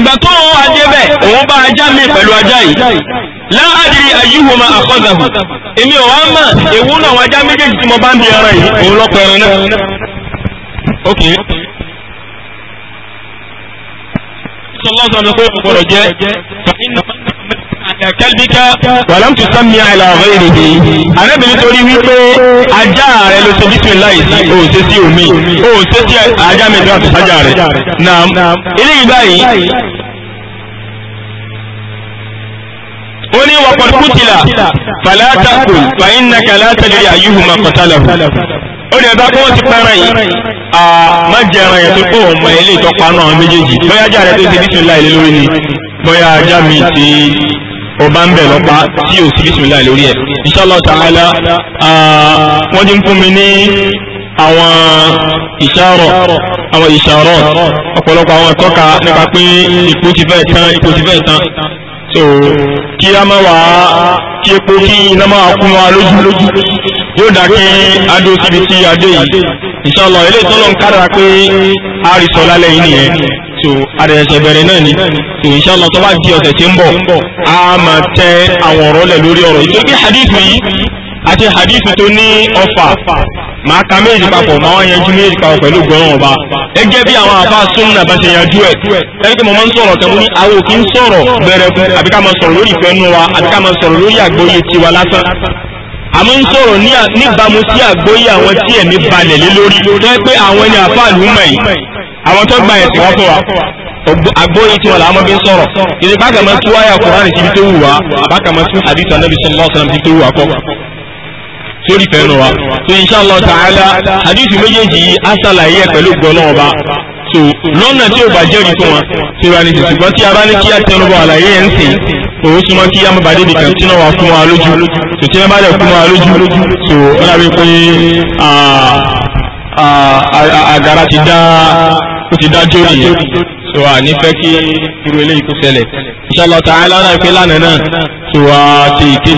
ìgbà tó wọn wá débẹ̀ òun bá ajá mi pẹ̀lú ajá yìí láàdìrí ayíhùmá àkọ́zàbù èmi ò wá mọ̀ èwo náà wọn ajá méjèèjì tí mo bá ń bi ẹran yìí òun lọ́pọ̀ ẹran náà. sallallahu alaihi wasallam kò gbọdọ̀ jẹ́ kẹ́lbíkà wàlám tó sàmì àìlàwọ̀ èrè ni. arábìnrin torí wípé ajá rẹ ló ṣe bísíláì sí o ṣe sí omi o ṣe sí ajá mi tó àti ajá rẹ. nà eléyìí báyìí. ní wàkọ̀lù kùtìlà fàlàtàkù fàyínnàkà látàlẹ́rì àyùhù máa kọ̀tàlà ó ní ẹ̀bá kí wọ́n ti pẹ́ran yìí à má jẹ ẹran yẹn tó kó òun mọ ilé ìtọ́pá náà méjèèjì bóyá ajá rẹ tó ti bísùn láì lé lórí ni bóyá ajá mi ti ọba ń bẹ̀ lọ́pá tí ò sí bísùn láì lórí ẹ̀ inshallah ta'ala wọ́n ti ń fún mi ní àwọn ìṣàrọ̀ àwọn ìṣàrọ̀ ọ̀pọ̀lọpọ̀ àwọn ìtọ́ka nípa pé ipò ti fẹ́ tán ipò ti fẹ́ tán so kiyama wa ti epo ki iná máa kún wa lójú lójú yóò dákẹ́ adó síbi tí adé yìí ìṣọlọ ilé ìtọ́lọ́ ń kára pé àrísọ lálẹ́ yìí nìyẹn so àrẹ̀sẹ̀ bẹ̀rẹ̀ náà ni so ìṣọlọ tó bá di ọ̀sẹ̀ tí ń bọ̀ a máa tẹ àwọn ọ̀rọ̀ lẹ̀ lórí ọ̀rọ̀ ìtọ́jú hadith yìí àti hadith tó ní ọfà màá ka méjì papọ̀ màá wá yanjú méjì papọ̀ pẹ̀lú gbọ́n ọba gẹ́gẹ́ bí àwọn àfa súnmọ́ bá ṣe yanjú ẹ̀ ẹni pé mo máa ń sọ̀rọ̀ tẹ́ mo ní àwọn òkè ń sọ̀rọ̀ bẹ̀rẹ̀ àbí ká máa sọ̀rọ̀ lórí ìfẹ́ nù wa àbí ká máa sọ̀rọ̀ lórí àgbóyè tiwa lásán àmọ́ ń sọ̀rọ̀ níbàámu sí àgbóyè àwọn tí ẹ̀mí balẹ̀ lé lórí tẹ́ pé àwọn ẹni àfa àlùmọ̀ yìí àwọn tó gba ẹ̀sìn wọn fún wa agbóyin tí wọn làwọn bí ń sọ̀rọ̀ ìdí bákan máa tú àyà kùránì síbi tó wù wá àbákan máa tú àdìsàn náà bí sọlọ́ọ̀sán náà bí tó wù wá kọ́ lórí fẹ́nu wa so inshallah ta'ala hadith méjèèjì yìí á ṣàlàyé ẹ̀ pẹ̀lú gbọ́lọ́wọ́ bá so lọ́nà tí ò bá jẹ́rìí fún wa tí wàá ní sè ṣùgbọ́n tí a bá ní kí a tẹnubọ̀ àlàyé ẹ̀ ń sìn òun súnmọ́ kí a má bàdé nìkan tí náà wà fún wa lójú so tí wọ́n bá dẹ̀ fún wa lójú so ó dàbí pé àgàrà ti dá ó ti dá jó nìyẹn so a ní fẹ́ kí irú eléyìí kó ṣẹlẹ̀ inshallah ta'ala náà pé lánàá náà so a ti ìkéde.